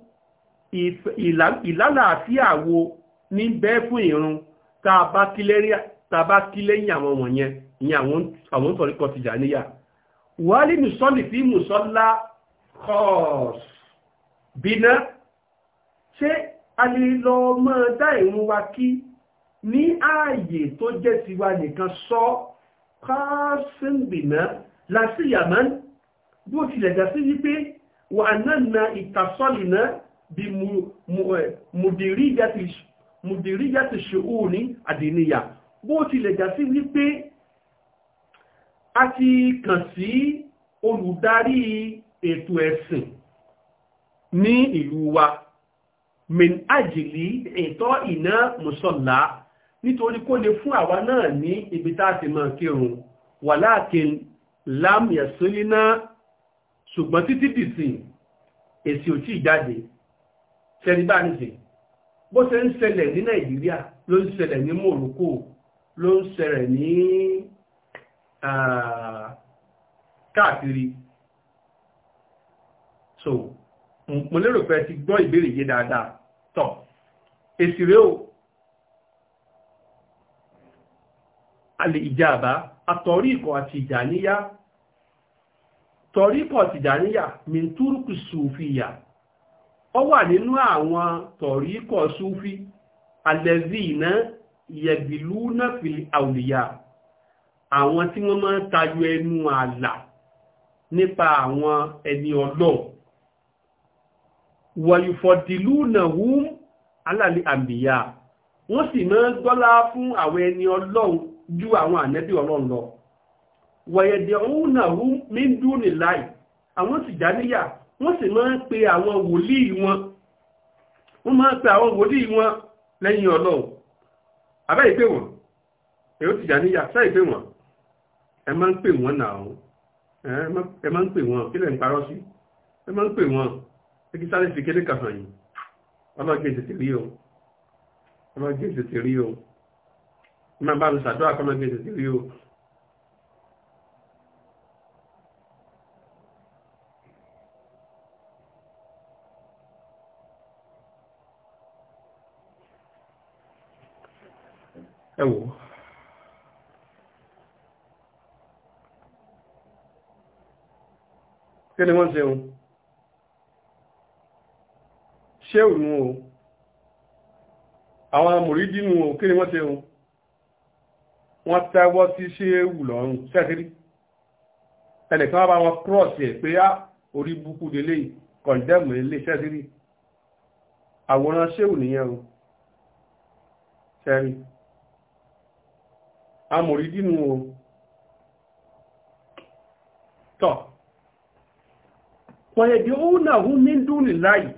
ìlàlàáfíà wo ní bẹ́ẹ̀ fún ìrun tàbá kí lẹ́yìn àwọn wọ̀nyẹn ní àwọn tọ̀ríkọ̀ Tìjàníyà wà lè nìsọ́lì fí mùsọ́lá kọ́ọ̀s bíná ṣe a lè lọ mọ́ dá ìrun wa kí ní ààyè tó jẹ́ tiwa nìkan sọ kásìmbìnà lásìyàmọ́ bó tilẹ̀ dá sí wípé wà náà ìtàsọ́lìnà bí mùdìrí yàtì ṣòó ní àdìníyà bó tilẹ̀ dá sí wípé a ti kàn sí olùdarí ètò ẹ̀sìn ní ìlú wa min ajili ìtọ́ iná musalla nítorí kó lè fún àwa náà ní ibi táti máa kírun walakin lam yasulina ṣùgbọ́n títí dìsìn èsì ò tí ìjáde ṣẹlibá nìsìn bó ṣe ń ṣẹlẹ̀ ní nàìjíríà ló ń ṣẹlẹ̀ ní morocco ló ń ṣẹlẹ̀ ní káàkiri so mo lérò pé ti gbọ́ ìbéèrè yé dáadáa tọ̀ èsì rẹ̀ o alè ìjàbá àtọ̀rí ikọ̀ àti ìjàníyá tọ̀ríkọ̀ tìjàníyà mìtúrùkù sùfìyà ó wà nínú àwọn tọ̀ríkọ̀ sùfì alẹ́zí iná yẹ̀bìlú náà fi àwùlìyà àwọn tí wọ́n máa ń tayọ ẹnu ààlà nípa àwọn ẹni ọlọ́ọ̀ wọ̀yùfọ̀dìlúnàhùn alàlẹ́ àmbìyà wọ́n sì máa gbọ́lá fún àwọn ẹni ọlọ́run ju àwọn ànẹ́bí ọlọ́run lọ wọ̀yẹ̀dẹ̀hùnàhùn míndú nìláì àwọn tìjàníyà wọ́n sì máa ń pe àwọn wòlíì wọn wọ́n máa ń pe àwọn wòlíì wọn lẹ́yìn ọlọ́run abẹ́ ìpè wọ́n èyí tìjàníyà sẹ́ ìpè wọ́n ẹ máa ń pè wọ́n náà ẹ máa ń pè wọ́n kí lẹ́ ń parọ́ sí ẹ máa ń pè wọ́n kí sáré fi kéde kàn yìí ọlọ́gẹ́ ìtètè rí o ọlọ́gẹ́ ìtètè rí o ọmọ bá mi sàdúrà kọ́ ọlọ́gẹ́ rí o. ẹ wò ó. kí ni wọ́n ṣe o ṣéwù nù o àwọn amòrídì nù o kí ni wọ́n ṣe o wọ́n tẹ́wọ́ sí ṣéwù lọ́rùn sẹ́kiri ẹnìkan wá bá wọn kírọ̀sì ẹ̀ pé á ah, orí búkú délé kọ̀ǹdẹ́mù ilé sẹ́kiri àwòrán ṣéwù nìyẹn o sẹ́rí amòrídì nù o tọ̀ pọ̀yẹ̀dì ó náà hú ní dúnì láyìí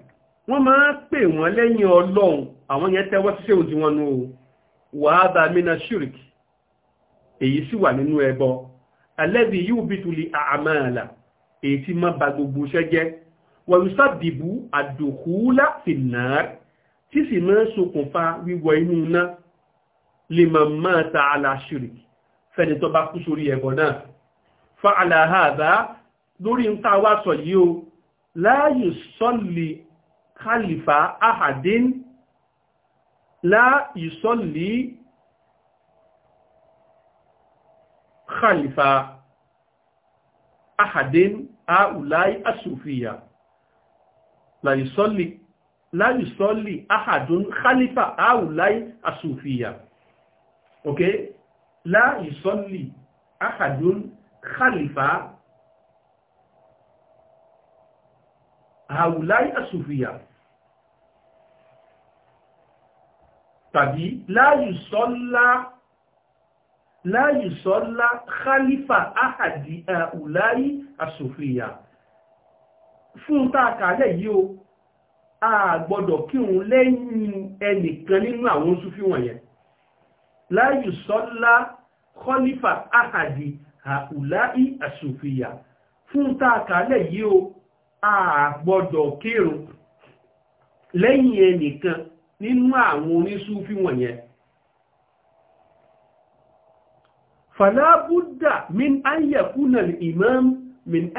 wọ́n máa pè wọ́n lẹ́yìn ọlọ́run àwọn yẹn tẹ́wọ́ sí ṣéhùn tí wọ́n nú o wàhádà mina shirk èyí sì wà nínú ẹbọ alẹ́bí yíò bí tuli àmàlà èyí tí má ba gbogbo iṣẹ́ jẹ́ wàrúsá dìbò àdòkúlá fìnnáà tí sì máa ṣokùnfà wíwọ inú iná lè má máa ta ala shirk fẹ́ni tó bá kú sórí ẹbọ náà fa àlàáhàdá lórí ń ta wá sọ yìí o láàyè sọ́ọ̀lì خلف أحد لا يصلي خلف أحد هؤلاء الصوفية لا يصلي لا يصلي أحد خلف هؤلاء الصوفية أوكي لا يصلي أحد خلف هؤلاء الصوفية tàbí láàyù sọ́lá khalifa ahadi àùláyí asòfìyà fún tààkàlẹ̀ yìí o a gbọ́dọ̀ kírun lẹ́yìn ẹnìkan nínú àwọn súfí wọ̀nyẹn láàyù sọ́lá khalifa ahadi àùláyí asòfìyà fún tààkàlẹ̀ yìí o a gbọ́dọ̀ kírun lẹ́yìn ẹnìkan nínú àwọn onísúfí wọ̀nyẹn fàlábúdà min ayyakuna imam min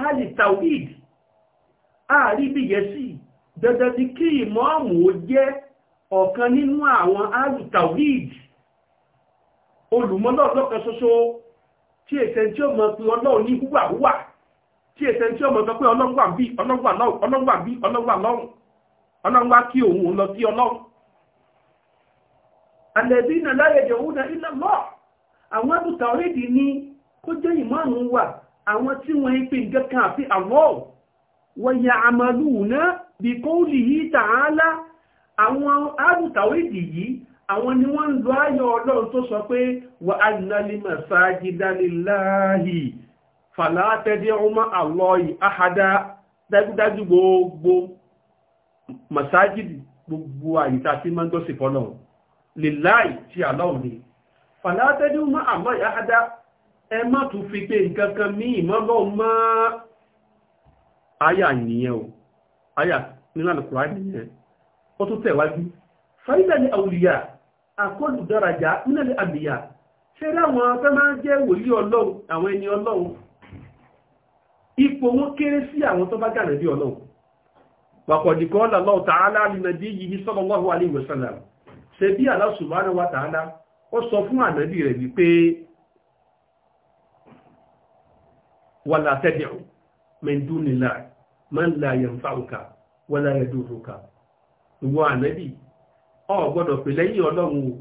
bí yẹ sí dandan ti kí ìmọ́ọ̀mù ó jẹ́ ọ̀kan nínú àwọn ali tawhid olùmọ́lọ́ọ̀lọ́kan ṣoṣo tí èsẹ̀ tí ó pé ọlọ́run ní wúwà wúwà tí èsẹ̀ tí ó pé ọlọ́gbà bí ọlọ́gbà ọlọ́gbà bí alladhina la yad'una illa Allah àwọn àbùtà orídì ní kó jẹ́ ìmáàmù wà àwọn tí wọ́n ń pè nǹkan kan àfi Allah wa ya'maluna bi qawlihi ta'ala àwọn àbùtà orídì yìí àwọn ni wọ́n ń lo ayọ̀ ọlọ́run tó sọ pé wa anna limasajida lillahi fàlá tẹ́dí ọmọ àlọ́yìn àhádá dájúdájú gbogbo masajidi gbogbo àyíká tí máa ń gọ́sì fọ́lọ́run lèláì tí aláwọ̀ ni fàlátẹ́dí mọ́ àmọ́ ìyáhádá ẹ má tún fi pé nǹkan kan mí ìmọ́lọ́ mọ́ àyà nìyẹn o ayà nílànà kùránì nìyẹn ó tún tẹ̀wájú fàílẹ̀ ní àwùlíyà àkọlù dárajà nílẹ̀ ṣẹ́rẹ́ àwọn afẹ́ máa jẹ́ wòlíì ọlọ́run àwọn ẹni ọlọ́run ipò wọn kéré sí àwọn tó bá bí ọlọ́run lọ́wọ́ tààlà ṣe bí Allah subhanahu wa ta'ala ó sọ fún ànábì rẹ̀ wípé wàlá tad'u min dunillahi man la yanfa'uka wàlá yadurruka ìwọ ànábì o gbọ́dọ̀ pè lẹ́yìn ọlọ́run o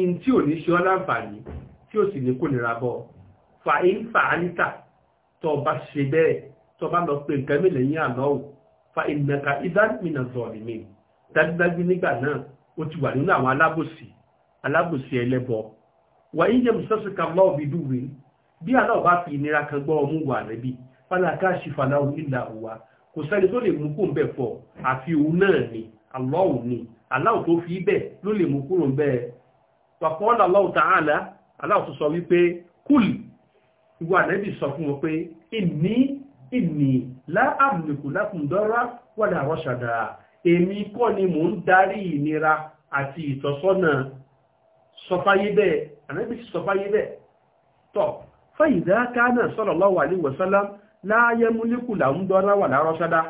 in tí ò ní ṣe ọ́ láǹfààní tí ò sì ní kò nira bọ́ fa in fa anita tó bá ṣe bẹ́ẹ̀ tó bá lọ pé nǹkan mi lẹ́yìn àlọ́ fa innaka idhan mina zalimin dájúdájú nígbà náà ó ti wà nínú àwọn alábòsí alábòsí ẹlẹ́bọ wà ní jẹ́mu sọ́sùkà lọ́ọ̀ bí dùwé bí aláwọ̀ bá fi ìnira kan gbọ́ ọmú wà rẹ́bí fálákà ṣìfàlà onílà òwa kò sẹ́ni tó lè mú kó ń bẹ̀ pọ̀ àfi òun náà ni aláwọ̀ ni aláwọ̀ tó fi bẹ̀ ló lè mú kúrò ń pàpọ́ aláwọ̀ tààlà aláwọ̀ tó sọ wípé kúlì ìwà rẹ́bí sọ fún wọn pé ìní ìní láàbùnìkù lákùndọ́rà wà èmi kọ́ ni mò ń darí ìnira àti ìtọ́sọ́nà sọfáyé bẹ́ẹ̀ ànábì sí sọfáyé bẹ́ẹ̀ tọ́ fẹ́yìndá kánà sallallahu alaihi wasallam láyé múlíkù làúndọ́rá wà lárọ́ sádá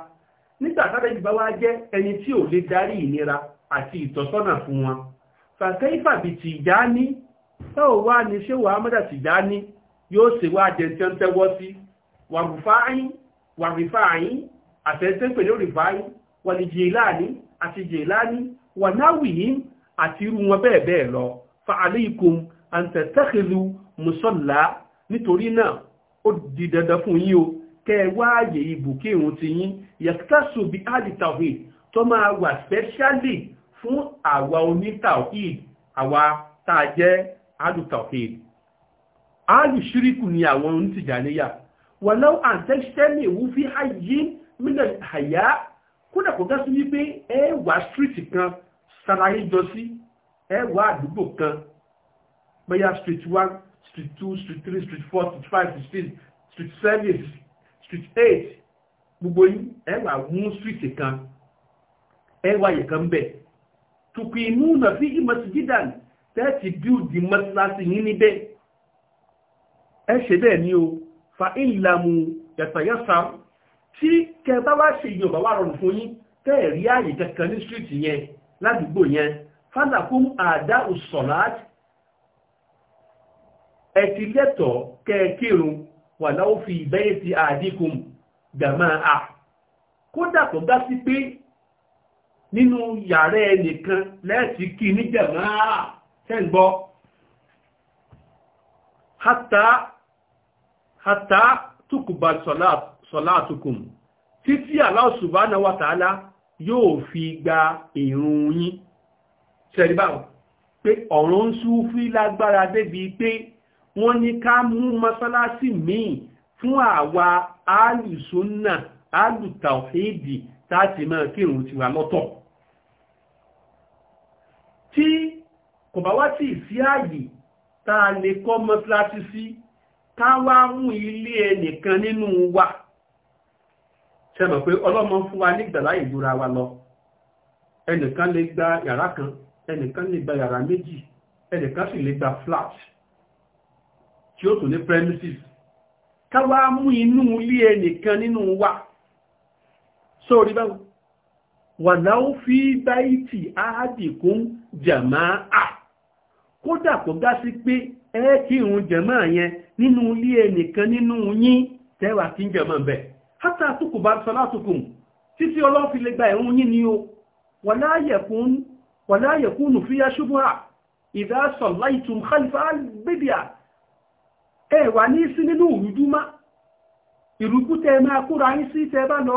nígbà tàbí ìgbà wá jẹ́ ẹni tí ò lè darí ìnira àti ìtọ́sọ́nà fún wọn wàlìjìláàní àti jìláàní wà náwìí àti irú wọn bẹ́ẹ̀ bẹ́ẹ̀ lọ fa alaykum an tattakhidhu musalla nítorí náà ó di dandan fún yín o kẹwàáyè ibùkí ìrùn ti yín yàtàṣù bí alìtàwìd tó máa wà spẹ́ṣálì fún àwa onítàwìd àwa tá a jẹ́ alùtàwìd alùsíríkù ni àwọn onítìjàníyà wà náà àtẹ́ṣẹ́mì wú fi hajjí mílẹ̀ àyà kódà kò gá sí wípé ẹ wà street kan sàlàyé jọ sí ẹ wà àdúgbò kan bóyá street one street two street three street four street five street six street seven street eight gbogbo yín ẹ wà mú street kan ẹ wà yẹ kan bẹ tukù inú nà fi ìmọ̀síjídàn tẹ́ẹ̀tì bíúdì mọ́sílásì yín níbẹ̀ ẹ ṣe bẹ́ẹ̀ ni o fa ìlàmù yàtàyàsà tí kẹta wá ṣe ìyàn bá wà rọrùn fún yín tẹ́ẹ̀rí ààyè kankan ní stíìtì yẹn ládùúgbò yẹn fádàkùn àdá òsọ̀láàtì ẹ̀tì lẹ́tọ̀ kẹ́ẹ̀kírun wà láwọ́ fi ìbẹ́yẹ̀ ti àdíkùn gàmà à kódà tó gá sí pé nínú yàrá ẹnìkan lẹ́ẹ̀tì kí ní gàmà à tẹ́ǹgbọ́ hátà hátà túkùbà sọ̀láàtì sọ̀láàtùkùm títí Allah subhanahu wa ta'ala yóò fi gba ìrun yín ṣẹ̀rí báwọn pé ọ̀rọ̀ ń súfí lágbára débi pé wọ́n ní ká mú mọ́sálásí míì fún àwa alùsùnà alùtàwídì láti máa kírun tiwa lọ́tọ̀ tí kò bá wá tí sí ààyè tá a sí ká wá mú ilé ẹnìkan nínú wa ṣẹ́mọ̀ pé ọlọ́mọ fún wa nígbàlá ìlúra wa lọ ẹnìkan lè gba yàrá kan ẹnìkan lè gba yàrá méjì ẹnìkan sì lè gba flat tí ó tún ní premises ká wá mú inú ilé ẹnìkan nínú wa sórí báwọn wàláwó fi báyìtì áàdìkún jàmáà kódà kó gá sí pé ẹ kírun jàmáà yẹn nínú ilé ẹnìkan nínú yín tẹ́wàá kí ń jàmáà bẹ́ẹ̀ hátà àtúkù bá sọ́látùkùn títí ọlọ́run fi lè gba ẹ̀rún ni o wàláyẹ̀kúnù fi yá ṣubúra ìdásọ̀ láìtùm khalifa albébíà ẹ wà ní sí nínú ìrújúmá ìrúkú tẹ máa kúra sí tẹ bá lọ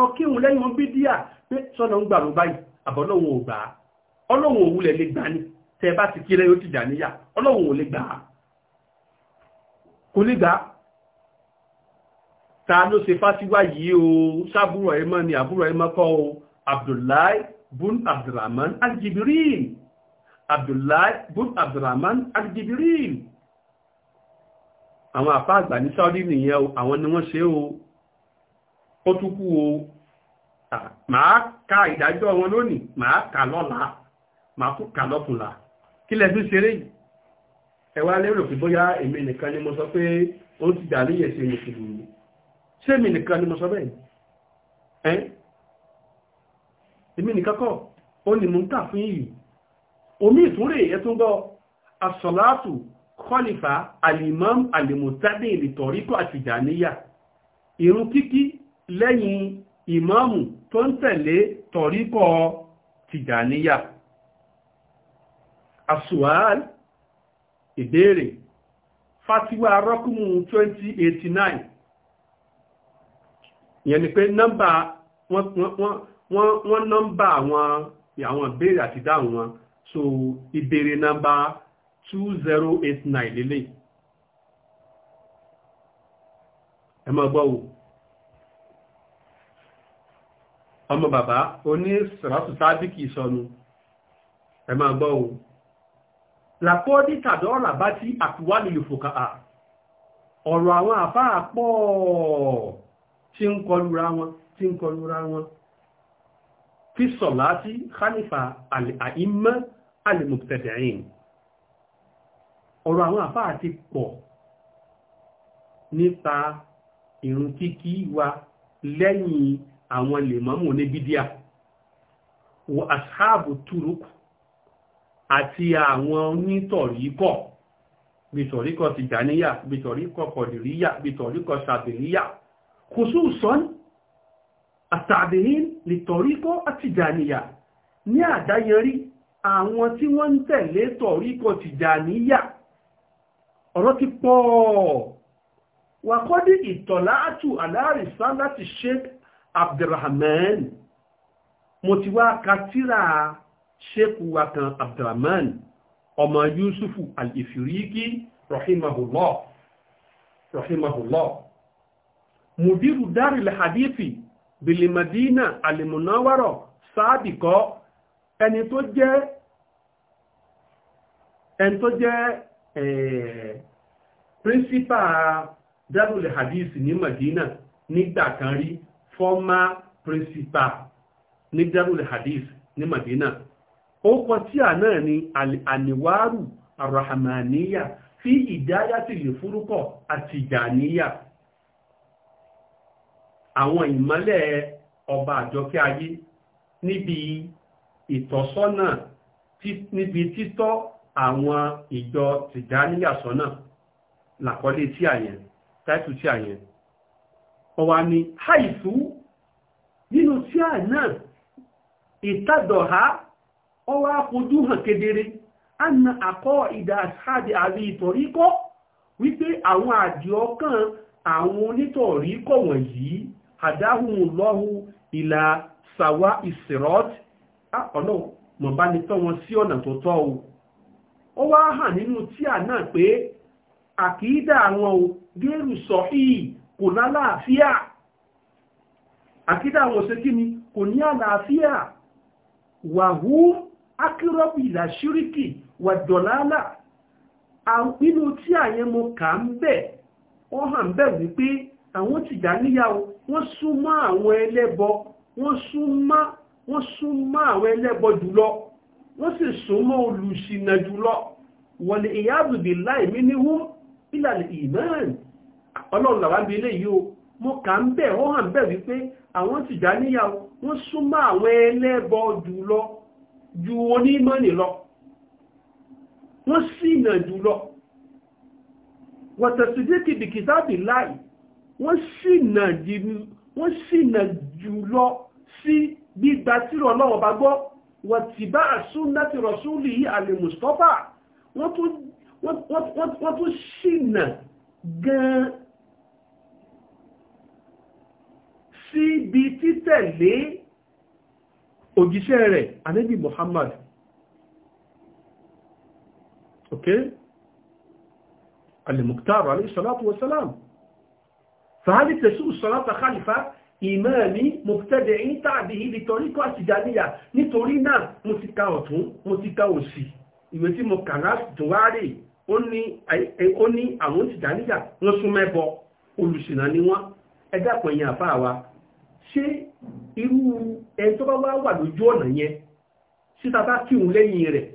lẹ́yìn ta ló ṣe fásiwá yìí o sábúrò ẹmọ́ ni àbúrò ẹmọ́ kọ́ o abdullahi bun abdulrahman aljibirin abdullahi bun abdulrahman aljibirin àwọn àpá àgbà ní saudi nìyẹn àwọn ni wọ́n ṣe o ó tún kú o màá ka ìdájọ́ wọn lónìí màá kà lọ́la màá kú kà lọ́kùnla kí lẹ fi ṣeré yìí ẹ wá lérò pé bóyá èmi nìkan ni mo sọ pé ó ti dà níyẹn sí mùsùlùmí mi nìkan ni mo sọ bẹ́ẹ̀ ẹ́n èmi nìkan kọ́ ó ní mú tà fún yìí omi ìtúnrè ẹ̀tún gbọ́ asọ̀látù kọlìfà alìmọ́m alìmọ̀tádé ìlìtọ̀ríkọ̀ àtìjàníyà ìrun kíkí lẹ́yìn ìmáàmù tó ń tẹ̀lé tọ̀ríkọ̀ tìjàníyà asuwal ìbéèrè fatiwa rọ́kùmù 2089 ìyẹn ni pé nọ́mbà wọ́n wọ́n wọ́n nọ́mbà àwọn àwọn ìbéèrè àti dáhùn wọn so ìbéèrè nọ́mbà two zero eight nine lélẹ̀ ẹ máa gbọ́ wò ọmọ bàbá oní sọ̀rọ̀sù sábìkì sọnù ẹ máa gbọ́ wò làkọ́ọ́dí tàdọ́ọ̀là bá tí àtúwálìlì fòkà ọ̀rọ̀ àwọn àfáà pọ̀ ọ̀ tí ń kọlura wọn tí ń kọlura wọn fi sọ̀láti khalifa àìmọ́ alìmọ̀tẹ̀tẹ̀rin ọ̀rọ̀ àwọn àfáà ti pọ̀ nípa ìrun kíkí wa lẹ́yìn àwọn lèmọ́mù ní bídíà wọ asáàbù túrùkù àti àwọn onítọ̀ríkọ̀ bìtọ̀ríkọ̀ tìjàníyà bìtọ̀ríkọ̀ kọ̀dìríyà bìtọ̀ríkọ̀ sàbìríyà khususan àtàbíhìn lìtọ̀ríkọ́ àtìjàníyà ní àdáyẹrí àwọn tí wọ́n ń tẹ̀lé tọ̀ríkọ́ tìjàníyà ọ̀rọ̀ ti pọ̀ wàkọ́dí ìtọ̀láàtù aláàrìsá láti sheikh abdulrahman mo ti wá katira sheikh wakan abdulrahman ọmọ yusufu al-ifiriki rahimahullah rahimahullah mudiru dari lahadithi bilimadina alimunawaro sáàbìkọ́ ẹni tó jẹ́ ẹni tó jẹ́ principal darul hadith ní madina nígbà kan rí former principal ní darul hadith ní madina ó kọ tí à náà ni àníwárù arahmaniya fi ìdáyàtì lè fúrúkọ àti ìdàníyà àwọn ìmọ́lẹ̀ ọba àjọkẹ́ ayé níbi ìtọ́sọ́nà níbi títọ́ àwọn ìjọ tìjáníyàsọ́nà làkọlé tí àyẹn táìtù tí àyẹn ọwà ni haifu nínú tí à náà ìtàdọ̀há ọwà fojú hàn kedere anna àkọ́ ìdá àṣáàdì àrí ìtọ̀ríkọ́ wípé àwọn àdìọ́kàn àwọn onítọ̀ríkọ̀ wọ̀nyí àdáhùnlọ́hù ìlà sàwá ìsìrọ́t ọlọ́run mọ̀ bá wọn sí ọ̀nà tó tọ́ o ó wá hàn nínú tíà náà pé àkìídà àwọn o gẹ́rù kò lálàáfíà ni kò ní àlàáfíà wàhú akírọ́bì ìlà ṣíríkì wà dọ̀lálà nínú tíà yẹn kà ń bẹ̀ ó hàn bẹ̀ wípé àwọn tìjàníyàwó wọ́n súnmọ́ àwọn ẹlẹ́bọ wọ́n súnmọ́ wọ́n súnmọ́ àwọn ẹlẹ́bọ jùlọ wọ́n sì súnmọ́ olùṣìnà jùlọ wọ́n lè ìyáàbù bí láì mí níhú ìlànà ìmẹ́rin ọlọ́run làwọn bí ilé yìí o mo kà ń bẹ̀ ó hàn bẹ̀ wípé àwọn tìjàníyàwó wọ́n súnmọ́ àwọn ẹlẹ́bọ jùlọ ju onímọ̀nì lọ wọ́n ṣìnà jùlọ wọ̀tẹ̀sídẹ́kì bìkítàbì láì wọ́n ṣìnà jùlọ sí gbígba tírọ̀ ọlọ́wọ́ bá gbọ́ wọ́n ti bá sunnati rasuli al-Mustafa wọ́n tún ṣìnà gan síbi títẹ̀lé òjíṣẹ́ rẹ̀ anẹ́bì Muhammad okay al-Muqtar alayhi salatu wa salam فهذه تسوء الصلاة خلف ìmáàmí mọ̀tẹ́dẹ̀ ń tàbí ibi torí kọ́ àtìjáníyà nítorí náà mo ti ka ọ̀tún mo ti ka òsì ìwé tí mo kà látùwárì ó ní àwọn àtìjáníyà wọ́n sún mẹ́bọ olùsìnà ni wọ́n ẹgbẹ́ àpẹ̀yìn àfáà wa ṣé irú ẹni tó bá wá wà lójú ọ̀nà yẹn sí tata kíhun lẹ́yìn rẹ̀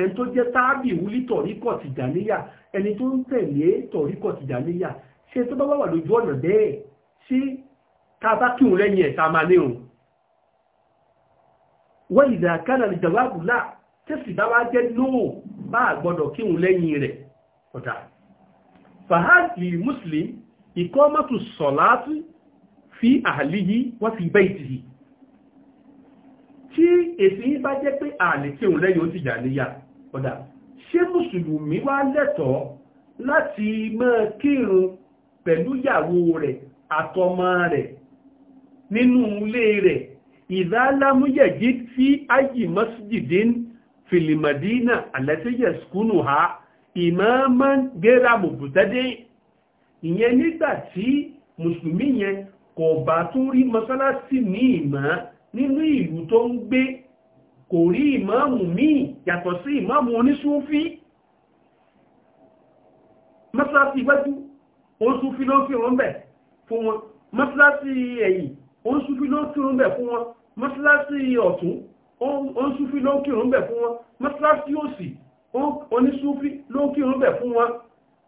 ẹni tó jẹ́ táàbì wúlí tọ̀ríkọ̀ tìjáníyà ẹni tó ń tẹ̀lé tọ̀ríkọ̀ tìjáníyà ṣe tó bá wà lójú ọ̀nà bẹ́ẹ̀ sí tàbá kí òun lẹ́yìn ẹ̀ta máa ní òun wọ́n ìdá kánà lè jàwábù láà tẹ́sì bá wá jẹ́ lóò bá gbọ́dọ̀ kí òun lẹ́yìn rẹ̀ ọ̀dà fàhájì muslim ikọ́ mọ́tò sọ̀láàtì fi àhàlìyí wọ́n fi bẹ́ ìtìyí tí èsì yí bá jẹ́ pé ààlè kí òun lẹ́yìn ó ti jà níyà ọ̀dà ṣé mùsùlùmí wá lẹ́tọ̀ọ́ láti máa kírun pẹ̀lú ìyàwó rẹ̀ àtọmọ rẹ̀ nínú ilé rẹ̀ ìdálámúyẹ̀jí tí ayi masjidin filimadina alẹ́tíyẹ̀ skúnù ha ìmọ̀ọ́mọ́ gẹ́ra mọ̀bùtẹ́dẹ́ ìyẹn nígbà tí mùsùlùmí yẹn kò bá tún rí mọ́sálásí ní ìmọ̀ nínú ìlú tó ń gbé kò rí ìmáàmù míì yàtọ̀ sí ìmáàmù onísúfí mọ́sálásí wájú òun súnfí ló ń fi òun bẹ̀ fún wọn mọ́sálásí ẹ̀yìn òun súnfí ló ń fi òun bẹ̀ fún wọn mọ́sálásí ọ̀tún òun súnfí ló ń fi òun bẹ̀ fún wọn mọ́sálásí òsì onísúnfí ló ń fi òun bẹ̀ fún wọn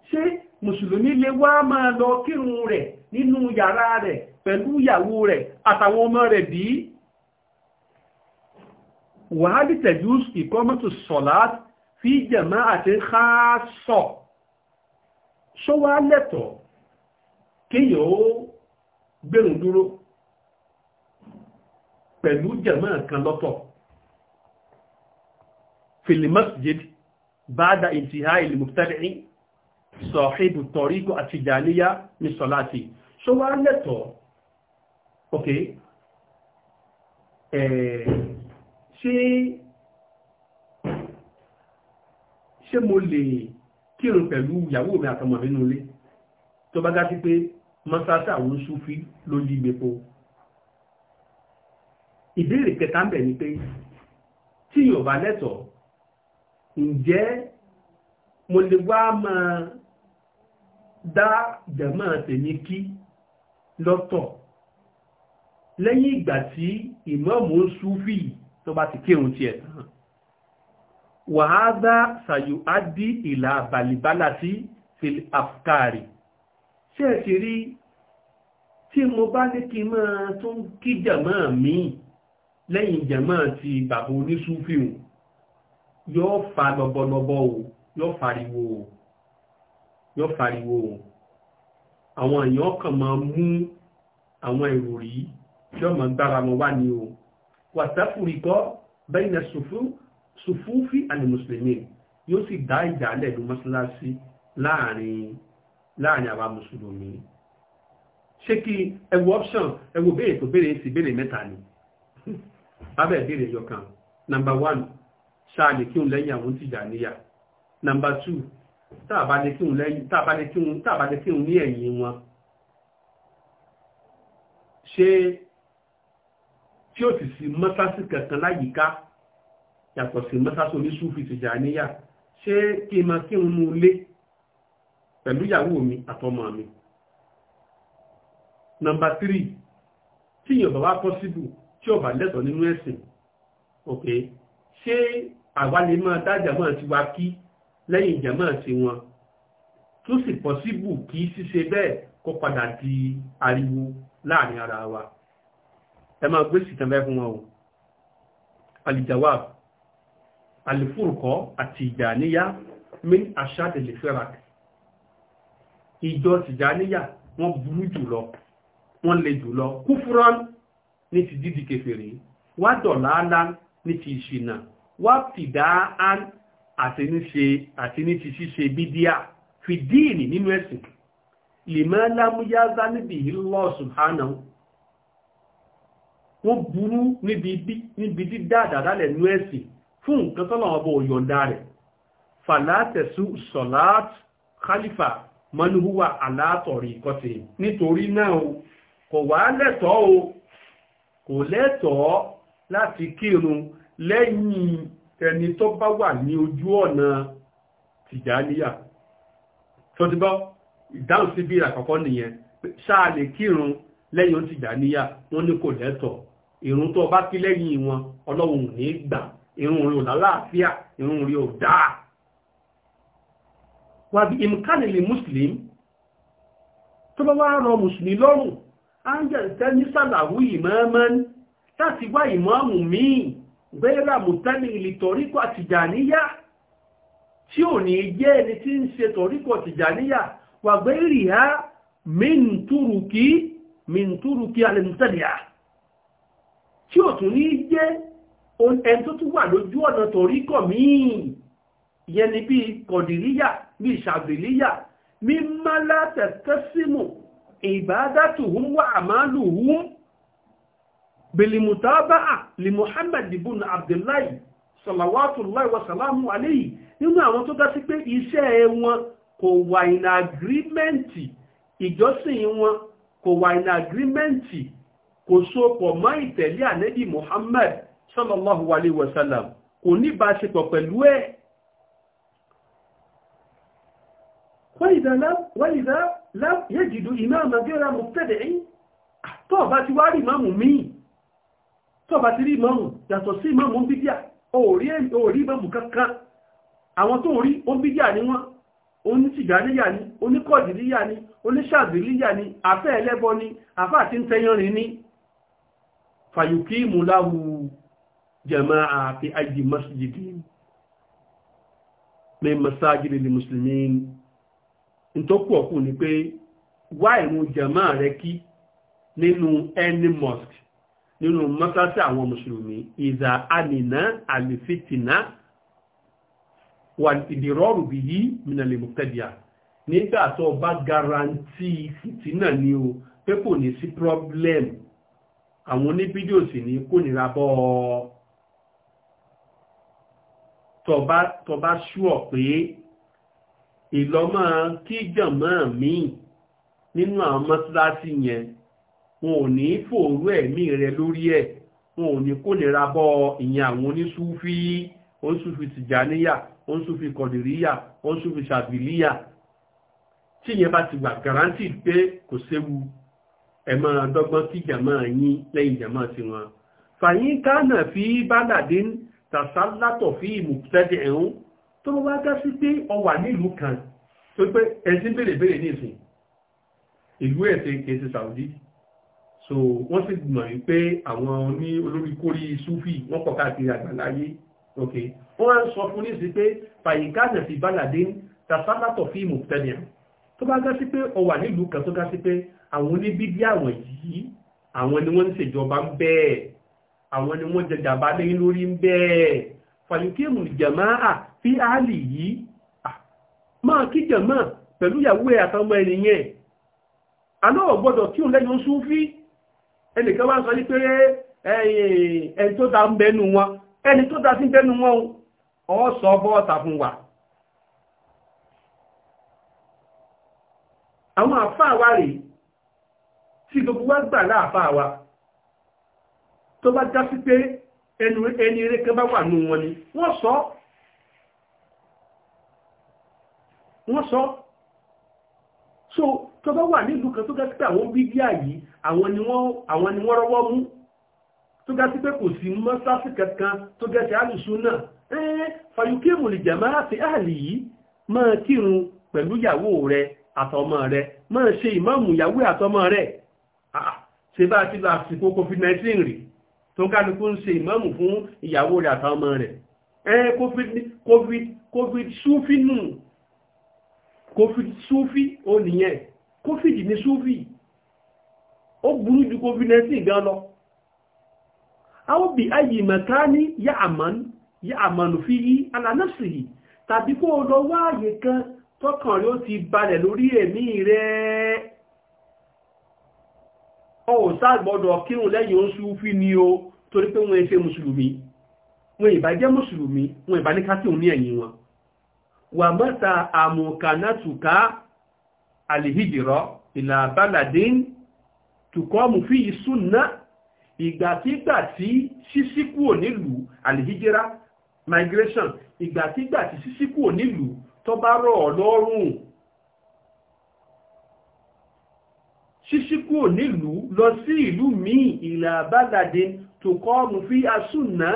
ṣé mùsùlùmí lè wá máa lọ kírun rẹ̀ nínú yàrá rẹ̀ pẹ̀lú ìyàwó rẹ̀ àtàwọn ọmọ rẹ̀ bí wàhálì tẹ̀júùs ìkọ́mọ́tò sọ̀láàtì fi jẹ̀mọ́ àti ń ká sọ̀ ṣọ́wá lẹ́tọ̀ọ́ kíyàn ó gbẹ̀rùn dúró pẹ̀lú jẹ̀mọ́ kan lọ́tọ̀ filimasjid bada intiha ilimubtadi sọ̀hìbù tọ̀ríkù àti ìjàníyá ní sọ̀láti ṣó wá lẹ́tọ̀ ok ṣe ṣe mo lè kírun pẹ̀lú ìyàwó mi àtọmọ nínú ilé tó bá gá sí pé mọ́sáàsì àwọn súfí ló yí gbèpo ìbéèrè kẹta ń ni pé tí yóò bá lẹ́tọ̀ọ́ ǹjẹ́ mo lè wá máa dá jàmọ́ tèmi kí lọ́tọ̀ lẹ́yìn ìgbà tí ìmọ̀mù súfì tó bá ti kírun tiẹ̀ tán wàhálà ṣàyò á dí ìlà fil afkari ṣe ẹ̀ sì rí tí mo bá ní kí máa tún kí jàmá mi lẹ́yìn jàmá ti bàbá oníṣúfìhùn yóò fa lọ́bọ̀lọ́bọ̀ o yóò fariwo o yóò fariwo o àwọn èèyàn kan máa mú àwọn ìròrí tí ọmọ gbára wọn wá ní o wàtàfùrí kọ́ bẹ́yìn sùfúfì àni mùsùlùmí yóò sì dá ìjà lẹ́nu mọ́ṣáláṣí láàrin láàrin àwa mùsùlùmí ṣé kí ẹwọ option ẹwọ béèrè tó béèrè sí béèrè mẹ́ta ni abẹ́ béèrè yọkan number one ṣáà lè kí n lẹ́yìn àwọn tìjà níyà number two tàbá lè kí n ní ẹ̀yìn wọn ṣe tí ó ti sí mọ́sásí kankan láyìíká yàtọ̀ sí mọ́sásí oníṣúfì Tìjàníyà ṣe kí ma kí n mú lé pẹ̀lú ìyàwó mi àtọmọ mi nọmba tírì tí ìyàn bàbá pọ́síbù tí ọba lẹ́tọ̀ nínú ẹ̀sìn ok ṣé àwa lè máa dá jàmọ́ ti wa kí lẹ́yìn jàmọ́ ti wọn tó sì pọ́síbù kí ṣíṣe bẹ́ẹ̀ kó padà di ariwo láàrin ara wa ẹ máa gbé sí tẹ́fẹ́ fún wọn o alìjàwá alìfúrùkọ́ àti ìjà níyá min aṣáàtì lè fẹ́ràkì ìjọ tìjáníyà wọ́n burú jùlọ wọ́n le jùlọ kúfúrán ní ti dídi kèfèrè wá dọ̀láàlá ní ti ìṣìnà wá fìdáán àti ní ti ṣíṣe bídíà fìdíìnì nínú ẹ̀sìn lèmọ́ lámúyá zá níbi Allah subhanahu wọ́n burú níbi dídá àdádálẹ̀ nú ẹ̀sìn fún nǹkan tọ́lọ̀ ọbọ̀ òyọ̀ndà rẹ̀ fàlátẹ̀sù sọ̀láàtù khalifa mọ́núhúwà aláàtọ̀rí ìkọ́tẹ̀ nítorí náà o kò wá o kò lẹ́tọ̀ọ́ láti kírun lẹ́yìn ẹni tó bá wà ní ojú ọ̀nà tìjáníyà tó ti bọ́ ìdáhùn sí bí àkọ́kọ́ nìyẹn ṣáà lè kírun lẹ́yìn tìjáníyà wọ́n ní kò tó bá kí lẹ́yìn wọn ọlọ́run ní gbà wà bí imkanili muslim tó bá wá rọ musulmi lọ́rùn ángẹ̀ẹ́sẹ́ ní sàlàwú ìmọ́ọ́mọ́n láti wá ìmọ́ọ̀mù míì gbẹ́rà mùtánì ìlìtọ̀ríkọ̀ àtìjàníyà tí ò ní jẹ́ ẹni tí ń ṣe tọ̀ríkọ̀ àtìjàníyà wà gbẹ́rì ha mìntúrùkí mìntúrùkí alẹ́mùtánìyà tí ò tún ní jẹ́ bíi ṣàbìlíyà mímọ́ látẹ̀kẹ́símù ìbádàtùhún wà àmàlùhún bìlìmùtábàá lè Muhammad ibn Abdullahi salawatullahi wasalamu aléyìí nínú àwọn tó dá sí pé iṣẹ́ wọn kò wà in agrímẹ́ǹtì ìjọsìn wọn kò wà in agrímẹ́ǹtì kò so pọ̀ mọ́ ìtẹ̀lé ànẹ́bì Muhammad sallallahu alayhi wasallam kò ní bá pẹ̀lú ẹ̀ وإذا لم وإذا لم يجد إماما غير مبتدع tó bá ti wá rí ìmáàmù míì tó bá ti rí ìmáàmù yàtọ̀ sí ìmáàmù ń bídíà orí ìmáàmù kankan àwọn tó rí ó ń bídíà ní wọ́n oníṣìgáníyà ni oníkọ̀dìríyà ni oníṣàbíríyà ni àfẹ́ ẹlẹ́bọ ni àfẹ́ àti ń tẹyànrin ní fàyùkí ìmúláwù jẹ̀mọ́ àfi àjì masjidin min masajidi lil muslimin ntókù ọ̀kù ni pé wá ìrun jàmá rẹ kí nínú any mosque nínú mọ́sáàsì àwọn mùsùlùmí ìzà àmìnà àlìfìtìnà wà ìdìrọ́rù bí yí mìnàlè mùtẹ́dìà nígbà tó bá garanti fìtìnà ni o pé kò ní sí problem àwọn oníbídíò sì ní kò nira bọ́ ọ tọba tọba ṣúọ̀ pé ìlọ́mọ́ kíjọ̀mọ́ míì nínú àwọn mọ́síláṣí yẹn wọn ò ní fòòrú ẹ̀mí rẹ lórí ẹ̀ wọn ò ní kó nira bọ́ ìyẹn àwọn oníṣúfí oníṣúfí tìjàníyà oníṣúfí kọ̀dìríyà oníṣúfí ṣàbìlíyà tí yẹn bá ti wà garanti pé kò séwu ẹ máa dọ́gbọ́n kí jàmọ́ yín lẹ́yìn jàmọ́ tiwọn fàyín kánà fi bádàdín tàṣálátọ̀ fi mùtẹ́dẹ̀ ẹ̀hún tó mọ́ wá gá sí pé ọwà nílùú kan tó pé ẹ̀sìn bèèrè bèèrè ní ìsìn ìlú ẹ̀sìn kèsì Saudi so wọ́n sì mọ̀ wípé àwọn ní olórí kórí Sufi wọ́n kọ̀ káàkiri àgbàláyé ok wọ́n wá ń sọ fún ní sí pé fàyíkáàdà sí bálàdé tàṣálàtọ̀ fí mùtẹ́nìà tó bá gá sí pé ọwà nílùú kan tó gá sí pé àwọn oníbíbí àwọn yìí àwọn ni wọ́n ń ṣèjọba ń bẹ́ẹ̀ àwọn ni wọ́n jẹ lórí ń bẹ́ẹ̀ fàyíkéèmù jàmáà fi áàlì yìí máa kíjọ máa pẹ̀lú ìyàwó ẹ̀ àtọmọ ènìyàn anáwọ̀ gbọ́dọ̀ kí òun lẹ́yìn oṣù fi ẹnìkan wá sọ ní pé ẹni tó da ń bẹnu wọn ẹni tó da sí bẹnu wọn ọ sọ bọ́ọ̀ta fún wa àwọn àfáà wa rèé tí gbogbo wa gbà láàfáà tó bá já sí pé ẹni eré kan bá wà nù wọn ni wọ́n sọ wọ́n sọ so tó bá wà nílùú kan tó gẹ́sí pé àwọn bídíà yìí àwọn ni wọ́n rọwọ́ mú tó gẹ́sí pé kò sí mọ́sáàsì kankan tó gẹ́sí alùsùn náà ẹ́ẹ́ fàyùkéèmù lè jẹ̀ máa fi áàlì yìí máa kírun pẹ̀lú ìyàwó rẹ àtọmọ rẹ máa ṣe ìmáàmù ìyàwó àtọmọ rẹ ṣe bá ti lọ àsìkò covid-19 rí tó kálukú ń ṣe ìmáàmù fún ìyàwó rẹ àtọmọ rẹ ẹ́ẹ́ covid covid covid súfínù covid sufi ó nìyẹn covid ní sufi ó burú ju covid 19 gan lọ àwọn bí ya mẹ́kání yá àmànù fi yí alánàṣì yìí tàbí kó lọ wá àyè kan tọ́kàn rí ó ti balẹ̀ lórí ẹ̀mí rẹ̀ ọ ò sáàgbọ́dọ̀ kírun lẹ́yìn oṣù fi ni o torí pé wọ́n ṣe mùsùlùmí wọ́n ìbá jẹ́ mùsùlùmí wọ́n ìbá ní kátìún ní ẹ̀yìn wọn wà mọ́ta àmùkànátùká àlìhìjìrọ́ ìlà baladin tukọ́mù fi ìsúnná ìgbàtígbà tí sísíkúò nílùú àlìhìjìrá migration ìgbàtígbà tí sísíkúò nílùú tó bá rọ̀ lọ́rùn sísíkúò nílùú lọ sí ìlú míì ìlà baladin tukọ́mù fi asúnná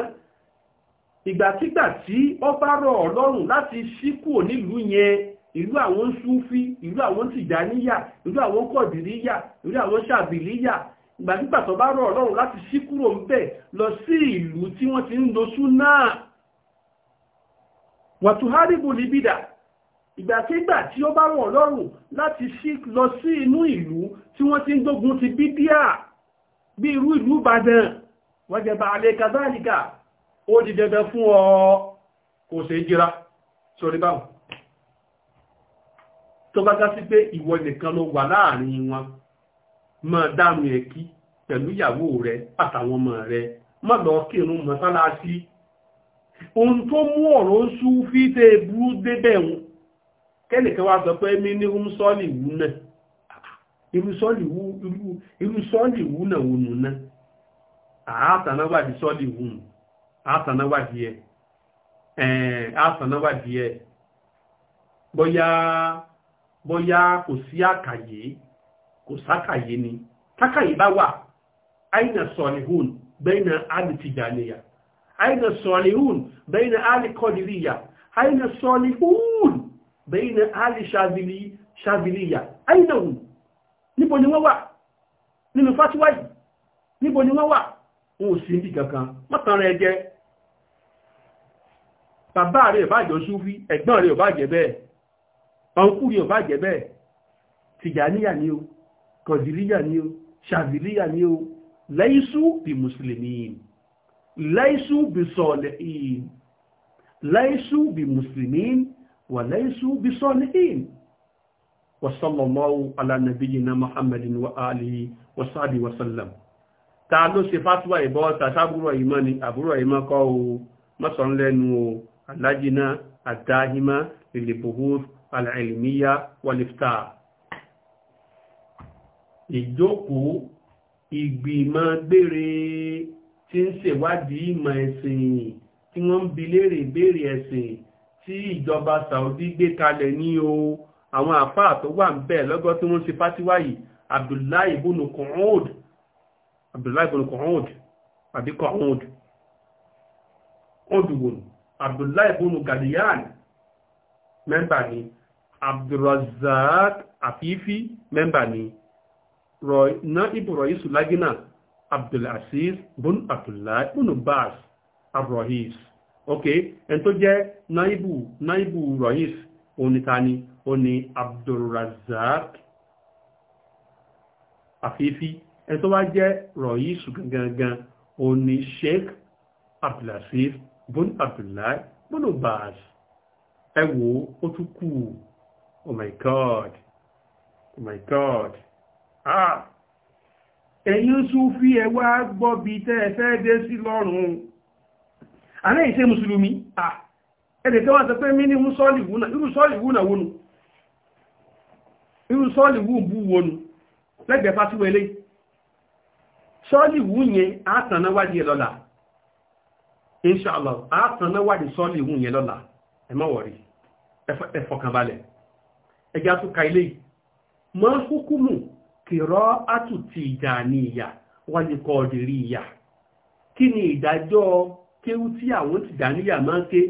ìgbàkígbà tí ó bá rọ̀ ọ́ lọ́rùn láti ṣíkù nílùú yẹn ìlú àwọn súfí ìlú àwọn tìjáníyà ìlú àwọn kọ̀dìríyà ìlú àwọn ṣàbìlíyà ìgbàkígbà tó bá rọ̀ ọ́ lọ́rùn láti ṣíkúrò ń bẹ̀ lọ sí ìlú tí wọ́n ti ń lo súnà wàtúhárìbù libida ìgbàkígbà tí ó bá rọ̀ ọ́ lọ́rùn láti ṣí lọ sí inú ìlú tí wọ́n ti ń gbógun ti bídíà bí irú ìlú Ìbàdàn wọ́n jẹba àlẹ́ kazalika ó di dẹ̀dẹ̀ fún ọ kò ṣe jíra sórí báwọn tó bá gá sí pé ìwọ nìkan ló wà láàrin wọn mọ́ dánu ẹ̀kí pẹ̀lú ìyàwó rẹ àtàwọn ọmọ rẹ má lọ kírun mọ́sálásí ohun tó mú ọ̀rọ̀ ń sú fíte burú débẹ̀ wọn kẹ́nìkan wá sọ pé mi ní sọ́ọ̀lì wú náà irú sọ́ọ̀lì wú náà náà àátànáwà ní náà àtànáwádìí ẹ̀ àtànáwádìí ẹ̀ bóyá bóyá kò sí àkàyé kò sákàyé ni tákàyé bá wà àìnà sọ̀rìhùn bẹ́ẹ̀nà alìtìjànìyà àìnà sọ̀rìhùn bẹ́ẹ̀nà alìkọ́dìríyà àìnà sọ̀rìhùn bẹ́ẹ̀nà alìṣàbìlìyà àìnà hù níbo ni wọ́n wà nínú fásiwáyì níbo ni wọ́n wà wọn ò sí ibi kankan bàbá rẹ̀ ò bá jọ súfí ẹ̀gbọ́n rẹ̀ ò bá jẹ́ bẹ́ẹ̀ ọ̀nkú rẹ̀ ò bá jẹ́ bẹ́ẹ̀ tìjàníyà ni o kọ̀dìríyà ni o ṣàbìríyà ni o lẹ́yìísú bí mùsùlùmí lẹ́yìísú bí sọ̀lẹ̀ ìyìn lẹ́yìísú bí mùsùlùmí wà lẹ́yìísú bí sọ̀lẹ̀ ìyìn وصلى الله على نبينا محمد وآله وصحبه وسلم ta ló ṣe fatuwa ìbọ́ tàṣàbúrò ìmọ́ ni àbúrò ìmọ́ kọ́ o mọ́sàn lẹ́nu o اللجنة الداهمة للبحوث العلمية والإفتاء ìjókòó ìgbìmọ̀ gbére tí ń ṣèwádìí ìmọ̀ ẹ̀sìn tí wọ́n ń bi léèrè ìbéèrè ẹ̀sìn tí ìjọba Saudi gbé kalẹ̀ ní o àwọn àfáà tó wà ń bẹ̀ lọ́gọ́ tí wọ́n ṣe fásiwáyì Abdullahi ibn Qa'ud Abdullahi ibn Qa'ud àbí abdullahi bunu galiyan mẹ́mbà ni abdulrazak afifi mẹ́mbà ni na ibu isu lagina abdulaziz bunu abdullahi bunu bas abrohis ok ẹni tó jẹ́ naibu naibu rohis onítani oni abdulrazak afifi ẹni tó wá jẹ́ rohis gangan oní sheikh abdulaziz bun abdullahi bọ́lù bàṣ ẹ wò ó tún kù oh my god oh my god ah ẹ̀yin súfí ẹ wá gbọ́ bí tẹ́ ẹ fẹ́ dé sí lọ́rùn àná ìṣe mùsùlùmí ah ẹ̀dẹ̀ tẹ́ wá sọ pé mí ní irú sọ́ọ̀lì wúnà wónú irú sọ́ọ̀lì wù bú wónú lẹ́gbẹ̀ẹ́ fásitì wẹlé sọ́ọ̀lì wù yẹn àtànáwájú ẹ̀ lọ́la inṣàlá àátàn náà wádìí sọ́ọ̀lì ìhun yẹn lọ́la ẹ wọ̀rí ẹ fọkànbalẹ̀ ẹjá tún ka ilé mọ́ hukumu kìrọ́ àtúntì ìjà ní ìyà ìyà kí ni ìdájọ́ kéwú tí àwọn ti dà níyà máa ké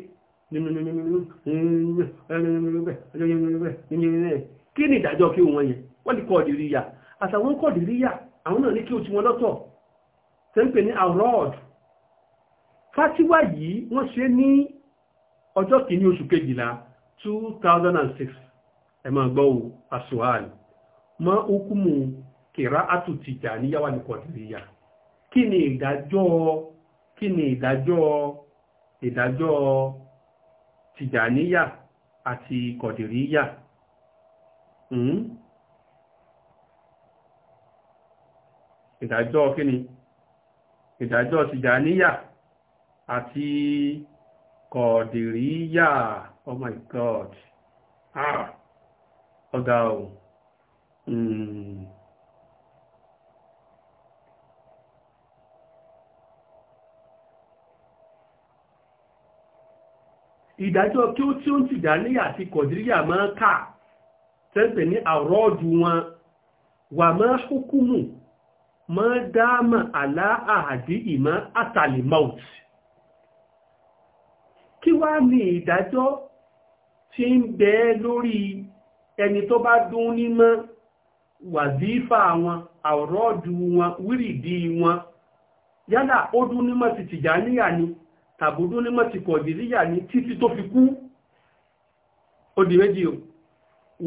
kí ni ìdájọ́ kéwú wọn yẹn wáyé kọ́ọ̀dìrí ìyà àtàwọn kọ́ọ̀dìrí ìyà àwọn náà ní kéwú tí lọ́tọ̀ tẹ́ ń pè ní fátíwá yìí wọ́n ṣe ní ọjọ́ kìíní oṣù kejìlá 2006 ẹ̀mọ̀ gbọ́ àṣùhàlì mọ́ okùnmù kìrá àtútìjà níyàwó nìkọ̀dìríyà kí ni ìdájọ́ kí ni ìdájọ́ ìdájọ́ tìjàníyà àti kọ̀dìríyà hmm? ìdájọ́ kí ni ìdájọ́ tìjàníyà àti kọ̀ọ̀dìríyà oh my god ah ọ̀gá o hmm. ìdájọ́ kí ó tí ó ń tìdá ní àti kọ̀díríyà máa ń kà tẹ́ǹpẹ̀ ní àrọ́ọ̀dù wọn wà máa ṣúkúmù máa dáàmà aláàdí ìmá àtàlìmọ́ọ̀tì wá ní ìdájọ́ tí ń bẹ lórí ẹni tó bá dún nímọ́ wàzífà wọn àwòrọ́ọ̀dù wọn wírìdí wọn yálà ó dún nímọ́ ti tìjàníyà ni tàbí ó dún nímọ́ ti kọ̀dìríyà ni títí tó fi kú ó di méjì o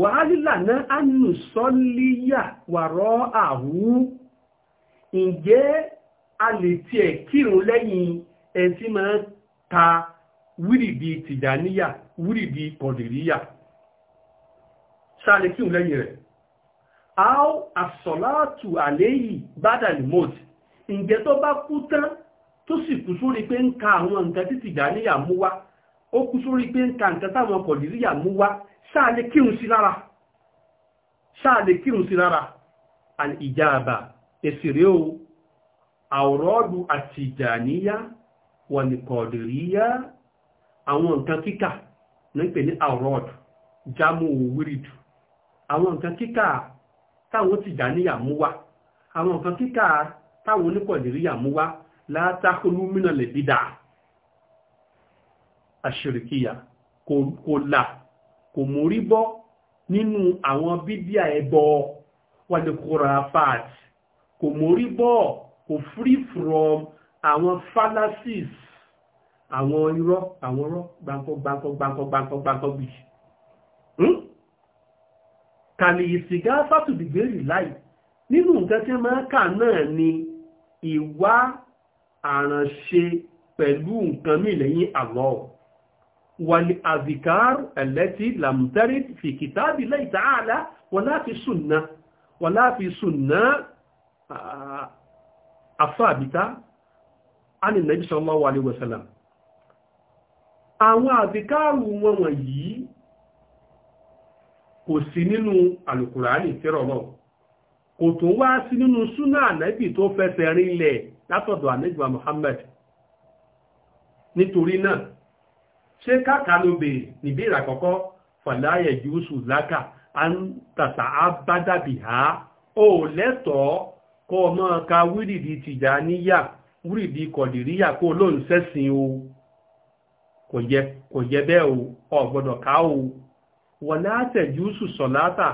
wàhálìlà náà ánù sọ́líyà wàrọ́ àwú ǹjẹ́ a lè tiẹ̀ kírun lẹ́yìn ẹni tí máa ta wírìdì tìjàníyà wírìdì kọ̀dìríyà sáàlẹ̀ kí n lẹ́yìn rẹ̀ aw asọ̀látù àléyìí bádà ní mọ́t ǹjẹ́ tó bá kú tán tó sì kú sórí pé ń ka àwọn nǹkan tí tìjàníyà mú wá ó kú sórí pé ń ka nǹkan táwọn kọ̀dìríyà mú wá sáàlẹ̀ kí n sí lára sáàlẹ̀ kí n sí lára ìjàmbá èsìrè o àwòrán ọdún àtìjàníyà wọ̀nìkọ̀dìríyà àwọn nǹkan kíkà ní pè ní àwọ̀rọ̀d jámù wírídù àwọn nǹkan kíkà táwọn Tìjàníyà mú wá àwọn nǹkan kíkà táwọn oníkọ̀dìríyà mú wá látàkùnú mìíràn lè bídà àṣìríkìyà kò là kò mórí bọ́ nínú àwọn bídíà ẹbọ wàlẹ̀kùrà fat kò mórí bọ́ kò free from àwọn fallacies àwọn irọ́ àwọn irọ́ gbáǹkọ́ gbáǹkọ́ gbáǹkọ́ gbáǹkọ́ gbáǹkọ́ bì hmm? kàlì ìsìgá fàtùdìgbèrè láì nínú nǹkan tí máa kà náà ni ìwá àrànṣe pẹ̀lú nǹkan mí lẹ́yìn Allah wàlì azikar ẹ̀lẹ́tì lamtari fi kitabillahi ta'ala wala fi sunna wala fi sunna afáàbítá ánìyàn nabi sallallahu alaihi wasallam àwọn àbíkáàrù wọn yìí kò sí nínú alùkùránì tírọ̀lọ́ kò tó wá sí nínú súnà ànábì tó ri le látọ̀dọ̀ amigba Muhammad nítorí náà se kákàlóbè níbèrè ìràkọ́kọ́ fàlàyé jùúsù záka a ń ha ó kọ́ ọmọ tìjà níyà kọ̀dìríyà kó lóun o. kò jẹ kò jẹ bẹ́ẹ̀ o ọ gbọ́dọ̀ ká o wọlé àtẹ̀júsù sọ̀látà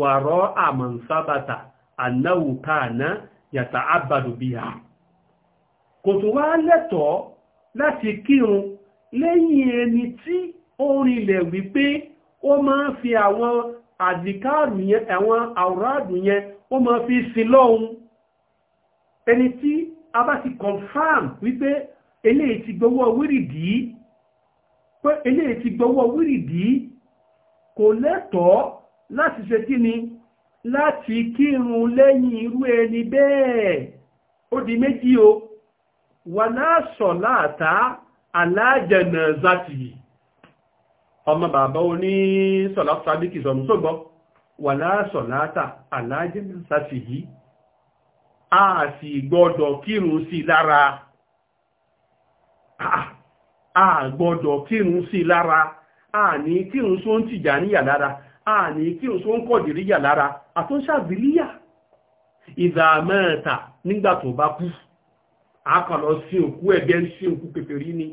wàrọ̀ àmọ̀nsábàtà ànáwó káàná yàtà ábàdù bí ha kò tó wá lẹ́tọ̀ọ́ láti kírun lẹ́yìn ẹni tí ó rinlẹ̀ wípé ó máa ń fi àwọn àdìkáàrù yẹn àwọn àwòrádù yẹn ó máa fi sin lọ́hun ẹni tí a bá ti confam wípé eléyìí ti gbowó wíìrìdì pé eléyìí ti gbọ́wọ́ wírìdì kò lẹ́tọ̀ọ́ láti ṣe kí ni láti kírun lẹ́yìn irú ẹni bẹ́ẹ̀ ó di méjì o wà láàṣọ̀ láàtá aláàjẹ̀nà zati ọmọ bàbá oní sọ̀lá sábíkì sọ̀rọ̀ sọ́gbọ́ wà láàṣọ̀ láàtá aláàjẹ̀nà zati yìí a sì gbọ́dọ̀ kírun sí lára ah, a gbọdọ kírun sí lára a ní kírun só ń tìjà níyà lára a ní kírun só ń lára àtúnṣàbílíyà nígbà tó bá kú àkànlọ sí òkú ẹgbẹ́ sí òkú pẹ̀pẹ̀rí ni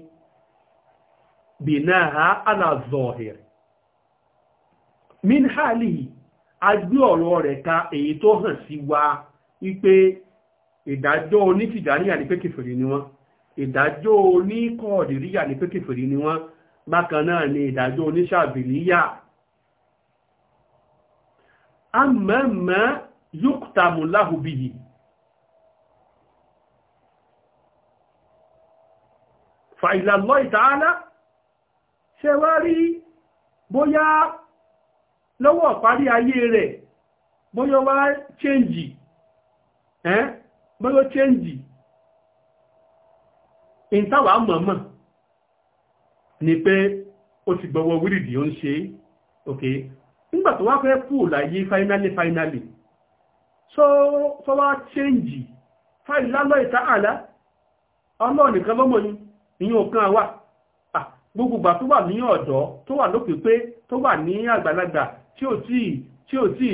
bìnáà alàzọ̀hẹ̀rẹ̀ minhali agbé ọ̀rọ̀ rẹ̀ ka èyí tó hàn sí wa wípé ìdájọ́ onítìjà níyà ní ni ìdájọ́ oníkọ̀ọ̀dìríyà ní pé kèfèrí ni wọ́n bákan náà ni ìdájọ́ oníṣàbìlíyà àmọ́mọ́ yókùtàmù láhùbìyì fàìlàlọ́ ìtààlá ṣe wá rí bóyá lọ́wọ́ parí ayé rẹ̀ bóyá wá chẹ́ǹjì ẹ́ bóyá chẹ́ǹjì in táwà mọ̀mọ̀ ni pé ó ti gbọ́wọ́ wíìdì ó ń ṣe òkè nígbà wá fẹ́ kú láyé finally finally so so wá change fáìlì lálọ́ ìtàhàlá ọlọ́ọ̀ nìkan lọ́mọ ni ìyẹn kan wà gbogbo ìgbà tó wà ní ọ̀dọ́ tó wà lókè pé tó wà ní àgbàlagbà tí ò tí tí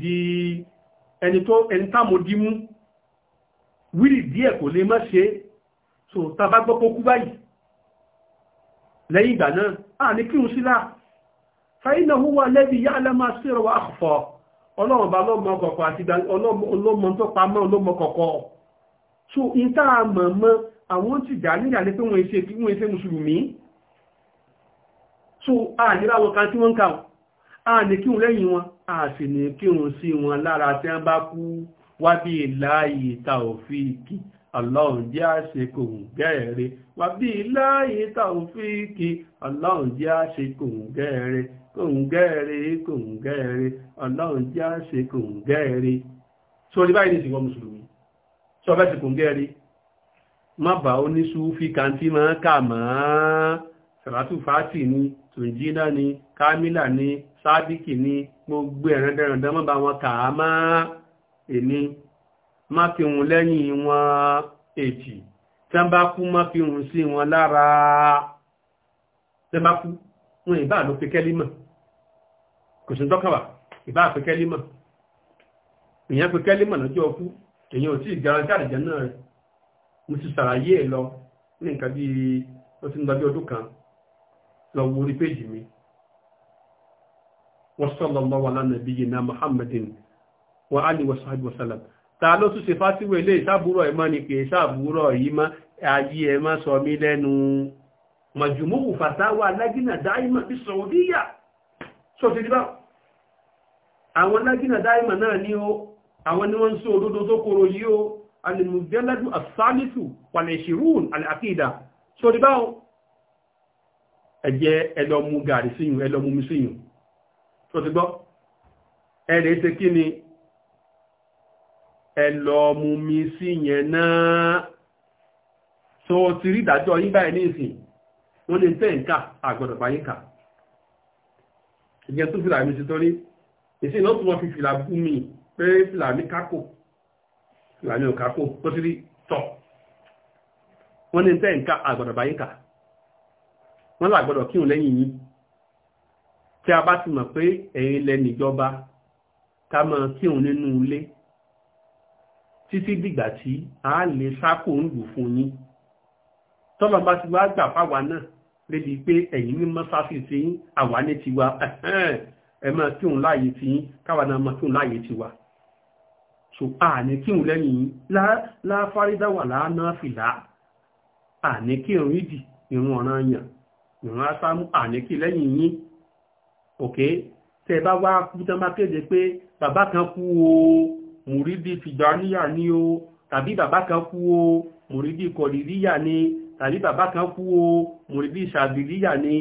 di ẹni tó ẹni támodí mú wírì díẹ̀ kò lè má ṣe so tàbá gbọ́pọ̀ kú báyìí lẹ́yìn ìgbà náà a ní kí n sílá fàínà huwa lẹ́bí yá alẹ́mà sírò wà fọ́ ọlọ́mọba ọlọ́mọ kọ̀kọ̀ àti ọlọ́mọ tó pamọ́ ọlọ́mọ kọ̀kọ̀ so in tá a mọ̀ mọ́ àwọn ti dà nígbà ní pé wọ́n ṣe kí wọ́n ṣe mùsùlùmí so a nílá wọn kan tí wọ́n kà á ní kí wọn lẹ́yìn wọn a sì ní kí wọn sí wọn lára tí wọ́n bá kú wábí láàyè tàòfíìkì ọlọ́run jẹ́ àṣekòhùn gẹ́ẹ̀rẹ́ wábí láàyè tàòfíìkì ọlọ́run jẹ́ àṣekòhùn gẹ́ẹ̀rẹ́ kòhùn gẹ́ẹ̀rẹ́ kòhùn gẹ́ẹ̀rẹ́ ọlọ́run jẹ́ àṣekòhùn gẹ́ẹ̀rẹ́ sórí báyìí nìsìnkú mùsùlùmí sọ fẹ́ sìnkú gẹ́ẹ̀rẹ́ má bà ó ní súfì kàǹtí máa kà máa sàràtù fàátì ni tùǹjínà ni kámílà ni sábìkì ni gbogbo ẹ̀rẹ́dẹ̀rẹ̀dẹ̀ má bà wọn kà á máa èní má fi hùn lẹ́yìn wọn èjì tán bá kú má fi hùn sí wọn lára tán bá kú wọn ìbá ló fi kẹ́lí mọ̀ kò sí tọ́kàwà ìbá fi kẹ́lí mọ̀ èèyàn fi kẹ́lí mọ̀ lọ́jọ́ ọkú èèyàn ò tí ì garanti àdìjẹ́ náà rẹ̀ mo ti ṣàlàyé ẹ̀ lọ ní nǹkan bí ó ti ń lọ bí ọdún kan lọ wo orí péjì mi wọ́n sọ́lọ́lọ́wọ́ lánàá bíi náà wa ali wa sahabi wa salam ta ló tún ṣe fásiwò ilé ìsáàbúrọ̀ ẹ̀mọ́ ni kì í sáàbúrọ̀ yìí mọ́ ayé ẹ̀mọ́ sọ mí lẹ́nu mọ̀jùmọ́wò fàtàwà lágínà dáìmọ̀ bí sọ̀rọ̀díyà sọ ti dí bá àwọn lágínà dáìmọ̀ náà ní o àwọn ni wọ́n ń sọ òdodo tó koro yìí o alìmùjẹ́lẹ́dù àsálìtù pàlẹ̀ṣìrún àkídà sọ ti bá o ẹjẹ́ ẹlọmú gàrí síyùn ẹlọmú mi síyùn sọ ti gbọ́ ẹ̀rẹ́ ṣe kí ni ẹ lọ mu mi sí yẹn náà so ti rí ìdájọ́ yín báyìí ní ìsìn wọ́n lè tẹ́ ǹkà àgbọ̀dọ̀ bá yín kà ìgbẹ́ tó fìlà mi ti torí ìsìn náà tó wọ́n fi fìlà bú mi pé fìlà mi kákò fìlà mi ò kákò tó ti rí tọ̀ wọ́n lè tẹ́ ǹkà àgbọ̀dọ̀ bá wọ́n làgbọ́dọ̀ kírun lẹ́yìn yín tí a bá ti mọ̀ pé ẹ̀yin lẹ́nìjọba ká máa kírun nínú ilé títí dìgbà tí a lè sákò ń lù fún yín tọ́lọ̀ bá ti wá gbà fáwa náà lébi pé ẹ̀yin ní mọ́sáfì ti yín àwa ní tiwa ẹ máa kí òun láàyè ti yín káwa náà máa kí òun láàyè tiwa so àní kí òun lẹ́yìn yín láfárídáwà láàánà fìlà àní kí òun ìdì ìrún ọ̀ràn yàn ìrún asámú àní kí lẹ́yìn yín òkè tẹ bá wá kú tán bá kéde pé bàbá kan kú ooo mùrídì tìjàníyà ni o tàbí bàbá kan kú o mùrídì kọ̀dìríyà ni tàbí bàbá kan kú o mùrídì ṣàbìlíyà ni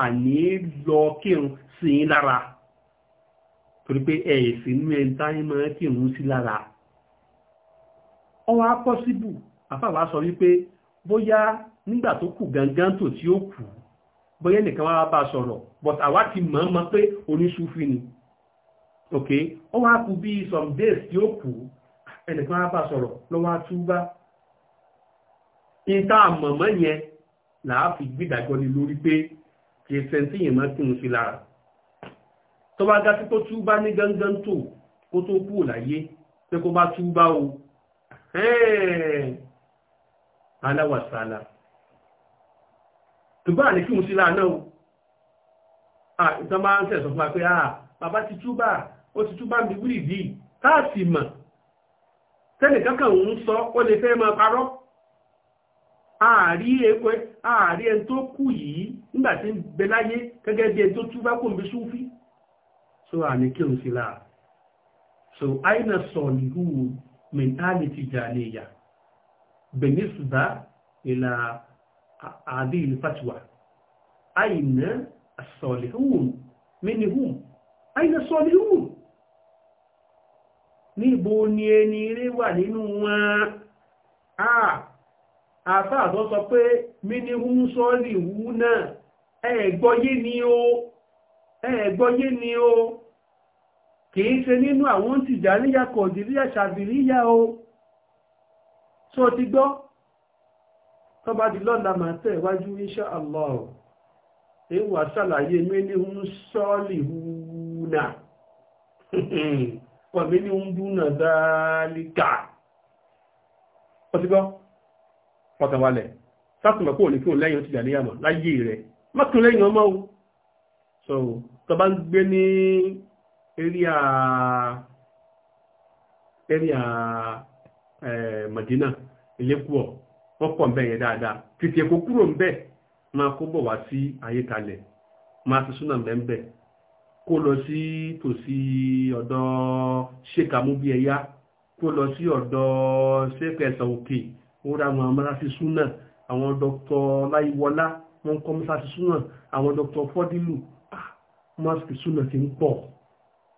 àní lọ kírun sí i lára torí pé ẹ̀ẹ̀sìn ní ẹ̀ńtá ní máa kírun sí lára ọwọ́ apọ́síbù àfàwà sọ wípé bóyá nígbà tó kù gangan tó tí ó kù bóyá nìkan wá bá sọ̀rọ̀ but àwa ti mọ̀ pé oníṣúfin ni ok ó wá kú bí some days tí ó kú ẹnìkan á bá sọ̀rọ̀ lọ́wọ́ àtúbá níta àmọ̀mọ́ yẹn làá fi gbídàjọ́ ni lórí pé kì í sẹ́ńtì yẹn máa kírun sí lára tó bá gásí tó túbá ní gángan tó kó tó kú láyé pé kó bá túbá o aláwàsálà tùbá ní kírun sí lára náà ìtàn máa ń tẹ̀sán fún wa pé bàbá ti túbá ó ti túbá ń wúrì dì káàsì mọ̀ tẹ́nìkan ń sọ ó lè fẹ́ máa parọ́ ààrí ẹ̀kọ́ ààrí ẹni tó kú yìí nígbà ń bẹ láyé gẹ́gẹ́ bí ẹni tó túbá kò ń so àmì kí òun sí láà so aina sọ̀lìhù mentality jàlẹ̀yà bẹ̀nísùbá ìlà aina níbo ni ẹni eré wà nínú wọn àfá àtọ́ sọ pé mínihún sọ́ọ̀lì wú náà ẹ̀ẹ̀gbọ́yé ni o ẹ̀ẹ̀gbọ́yé ni ó kìí ṣe nínú àwọn tìjà níyà ṣàbìríyà o tó ti gbọ́ tó di lọ́la máa tẹ̀ wájú insha Allah èyí sọ́ọ̀lì náà wọ́n mi ní ń dúnà dáálíkà ó ti gbọ́ ọ̀tàn wálẹ̀ sátùmọ̀ kó ní kí o lẹ́yìn ó ti dàní àmọ̀ láyé rẹ̀ mọ́kùn lẹ́yìn ọmọ o so tó bá ń gbé ní eria eria eh, Madina ilẹ́kùọ̀ wọ́n pọ̀ mbẹ́ yẹn dáadáa tètè kó kúrò mbẹ́ máa kó bọ̀ wá sí ayé kalẹ̀ máa ti súnà mbẹ́ kó lọ sí tòsí ọ̀dọ̀ ṣèkàmúbíẹyá kó lọ sí ọ̀dọ̀ ṣèkẹsàn òkè ó rà wọn amúrasí súnà àwọn dr láìwọlá wọn kọ́ mọ́sáàsì súnà àwọn dr fọ́dílù ah, mọ́sáàsì súnà ti ń pọ̀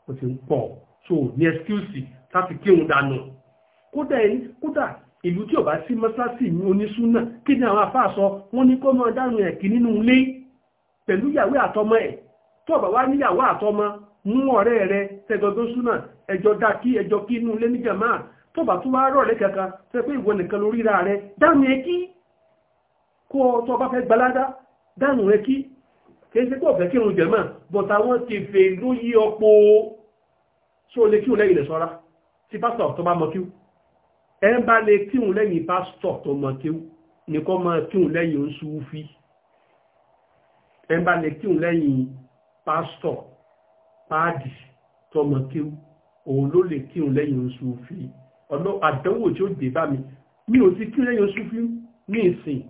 ó ti ń pọ̀ so ní ẹ́skíùsì láti kéhùn dànù kódà ẹni kódà ìlú tí ò bá sí mọ́sáàsì ní onísúnà kí ni àwọn afáàsọ wọn ní kó mọ́ dànù ẹ̀kí nínú ilé pẹ̀lú ìyàwó àtọmọ ẹ̀ tó bá wá níyàwó àtọmọ mú ọ̀rẹ́ rẹ tẹgbẹgbẹ́ súnà ẹjọ́ dá kí ẹjọ́ kí inú ilé níjàmá tó bá tún wá rọ̀lẹ́ kankan tẹ́ pé ìwọ nìkan lórí ra rẹ dánù ẹ kí kó tó bá fẹ́ gbalada dánù ẹ kí kìí ṣe pọ̀ fẹ́ kírun jẹ̀mọ́ bọ̀tà wọn ti fè lóyí ọpọ tí ó lè kí o lẹ́yìn lè sọ́ra tí pásítọ̀ tó bá mọ kí ẹ ń bá lè kí o lẹ́yìn pásítọ̀ tó mọ kí nìkan mọ kí o lẹ́yìn oṣù fi ẹ ń bá lè kí o lẹ́yìn pásítọ̀ páàdì tọmọ kéwú òun ló lè kírun lẹ́yìn oṣù fi ọ̀nà àdánwò tí ó dé bá mi mi ò ti kírun lẹ́yìn oṣù fi ní ìsìn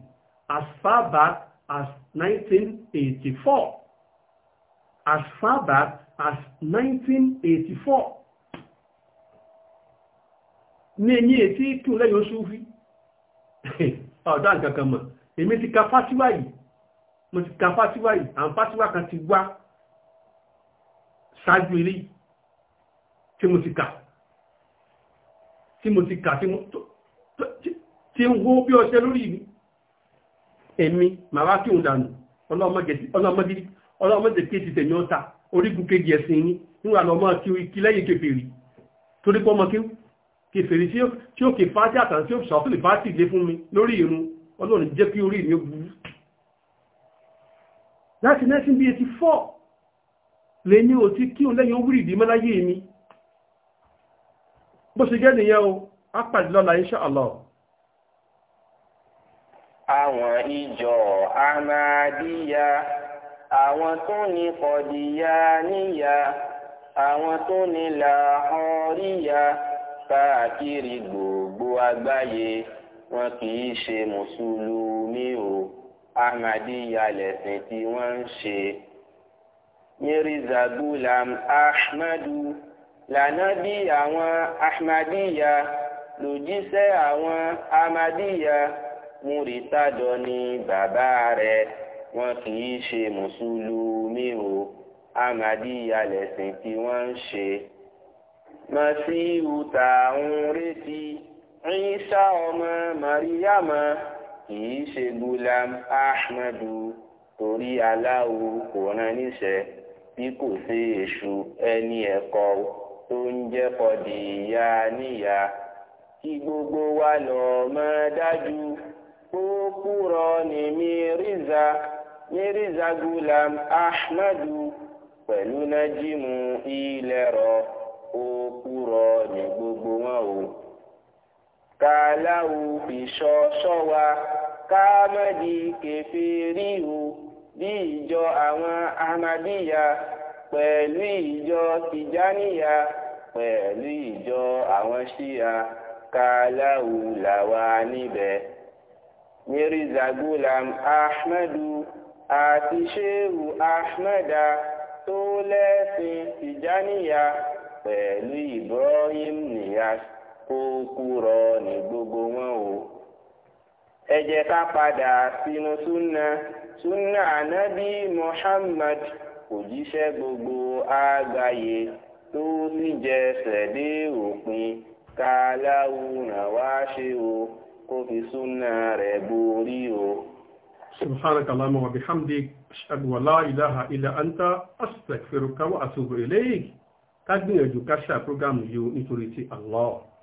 as far back as 1984 as far back as 1984 ní ẹ̀yìn ètí kírun lẹ́yìn oṣù fi ọ̀dá nǹkan kan mọ̀ èmi ti ka fásiwá yìí mo ti ka fásiwá yìí àwọn fásiwá kan ti wá ṣáájú ilé tí mo ti kà tí mo ti kà tí ń hó bí ọṣẹ lórí mi èmi màá wá kí òun dànù ọlọ́mọdé kéèsì tẹ̀mí ọ́ta orígun kejì ẹ̀sìn ní níwà lọ́mọ kí lẹ́yìn kèfèrí torí pọ́ mọ́kí kèfèrí tí ó kè fájá àtàn tí ó sọ tó lè fájì lé fún mi lórí irun ọlọ́run jẹ́ kí orí mi ó burú lè ní òtí kí o lẹ́yìn wúrì ìdí mẹ́láyé mi bó ṣe jẹ́ nìyẹn o á pàdé lọ́la insha Allah àwọn ìjọ ahmadiyya àwọn tó ní kọ̀díyà níyà àwọn tó ní làhọ́ríyà káàkiri gbogbo àgbáyé wọn kì í ṣe mùsùlùmí o ahmadiyya lẹ̀sìn tí wọ́n ń ṣe mirza gulam ahmadu lànábì àwọn ahmadiyya lòjíṣẹ́ àwọn ahmadiyya múritádọ ni bàbá rẹ̀ wọn kì í ṣe mùsùlùmí o ahmadiyya lẹ̀sìn tí wọ́n ń ṣe. masihu tá ń retí Ìsá ọmọ Màríyàmá kìí ṣe Gulam Ahmadu torí Allahu kò rán níṣẹ́ bí kò sí èṣù ẹni ẹ̀kọ́ tó ń jẹ́ kọ́dì ìyá níyà kí gbogbo wa lọ máa dájú ó kúrọ ní mírízà mírízà gulam ahmadu pẹ̀lú nájímù ilẹ̀ rọ kúrọ ní gbogbo wọn o kàláwù ìṣọ́ṣọ́ wa ká má di kẹfẹ́ rí o bí ìjọ àwọn ahmadiyya pẹ̀lú ìjọ tijaniya pẹ̀lú ìjọ àwọn ṣíya kàláwù làwà níbẹ̀. mirza gulam ahmadu àti shehu ahmada tó lẹ́sìn tijaniya pẹ̀lú ibrahim niyas kó kúrọ ní gbogbo wọn o. ẹ jẹ́ ká padà sínú súnà súnà ànábì Muhammad òjíṣẹ́ gbogbo àgbáyé tó níjẹsẹ̀ dé òpin káláwùnà wá ṣe o kó fi súnà rẹ̀ borí o. سبحانك اللهم وبحمدك أشهد أن لا إله إلا أنت أستغفرك وأتوب إليك ká gbìyànjú ká ṣe àpúrógámù yìí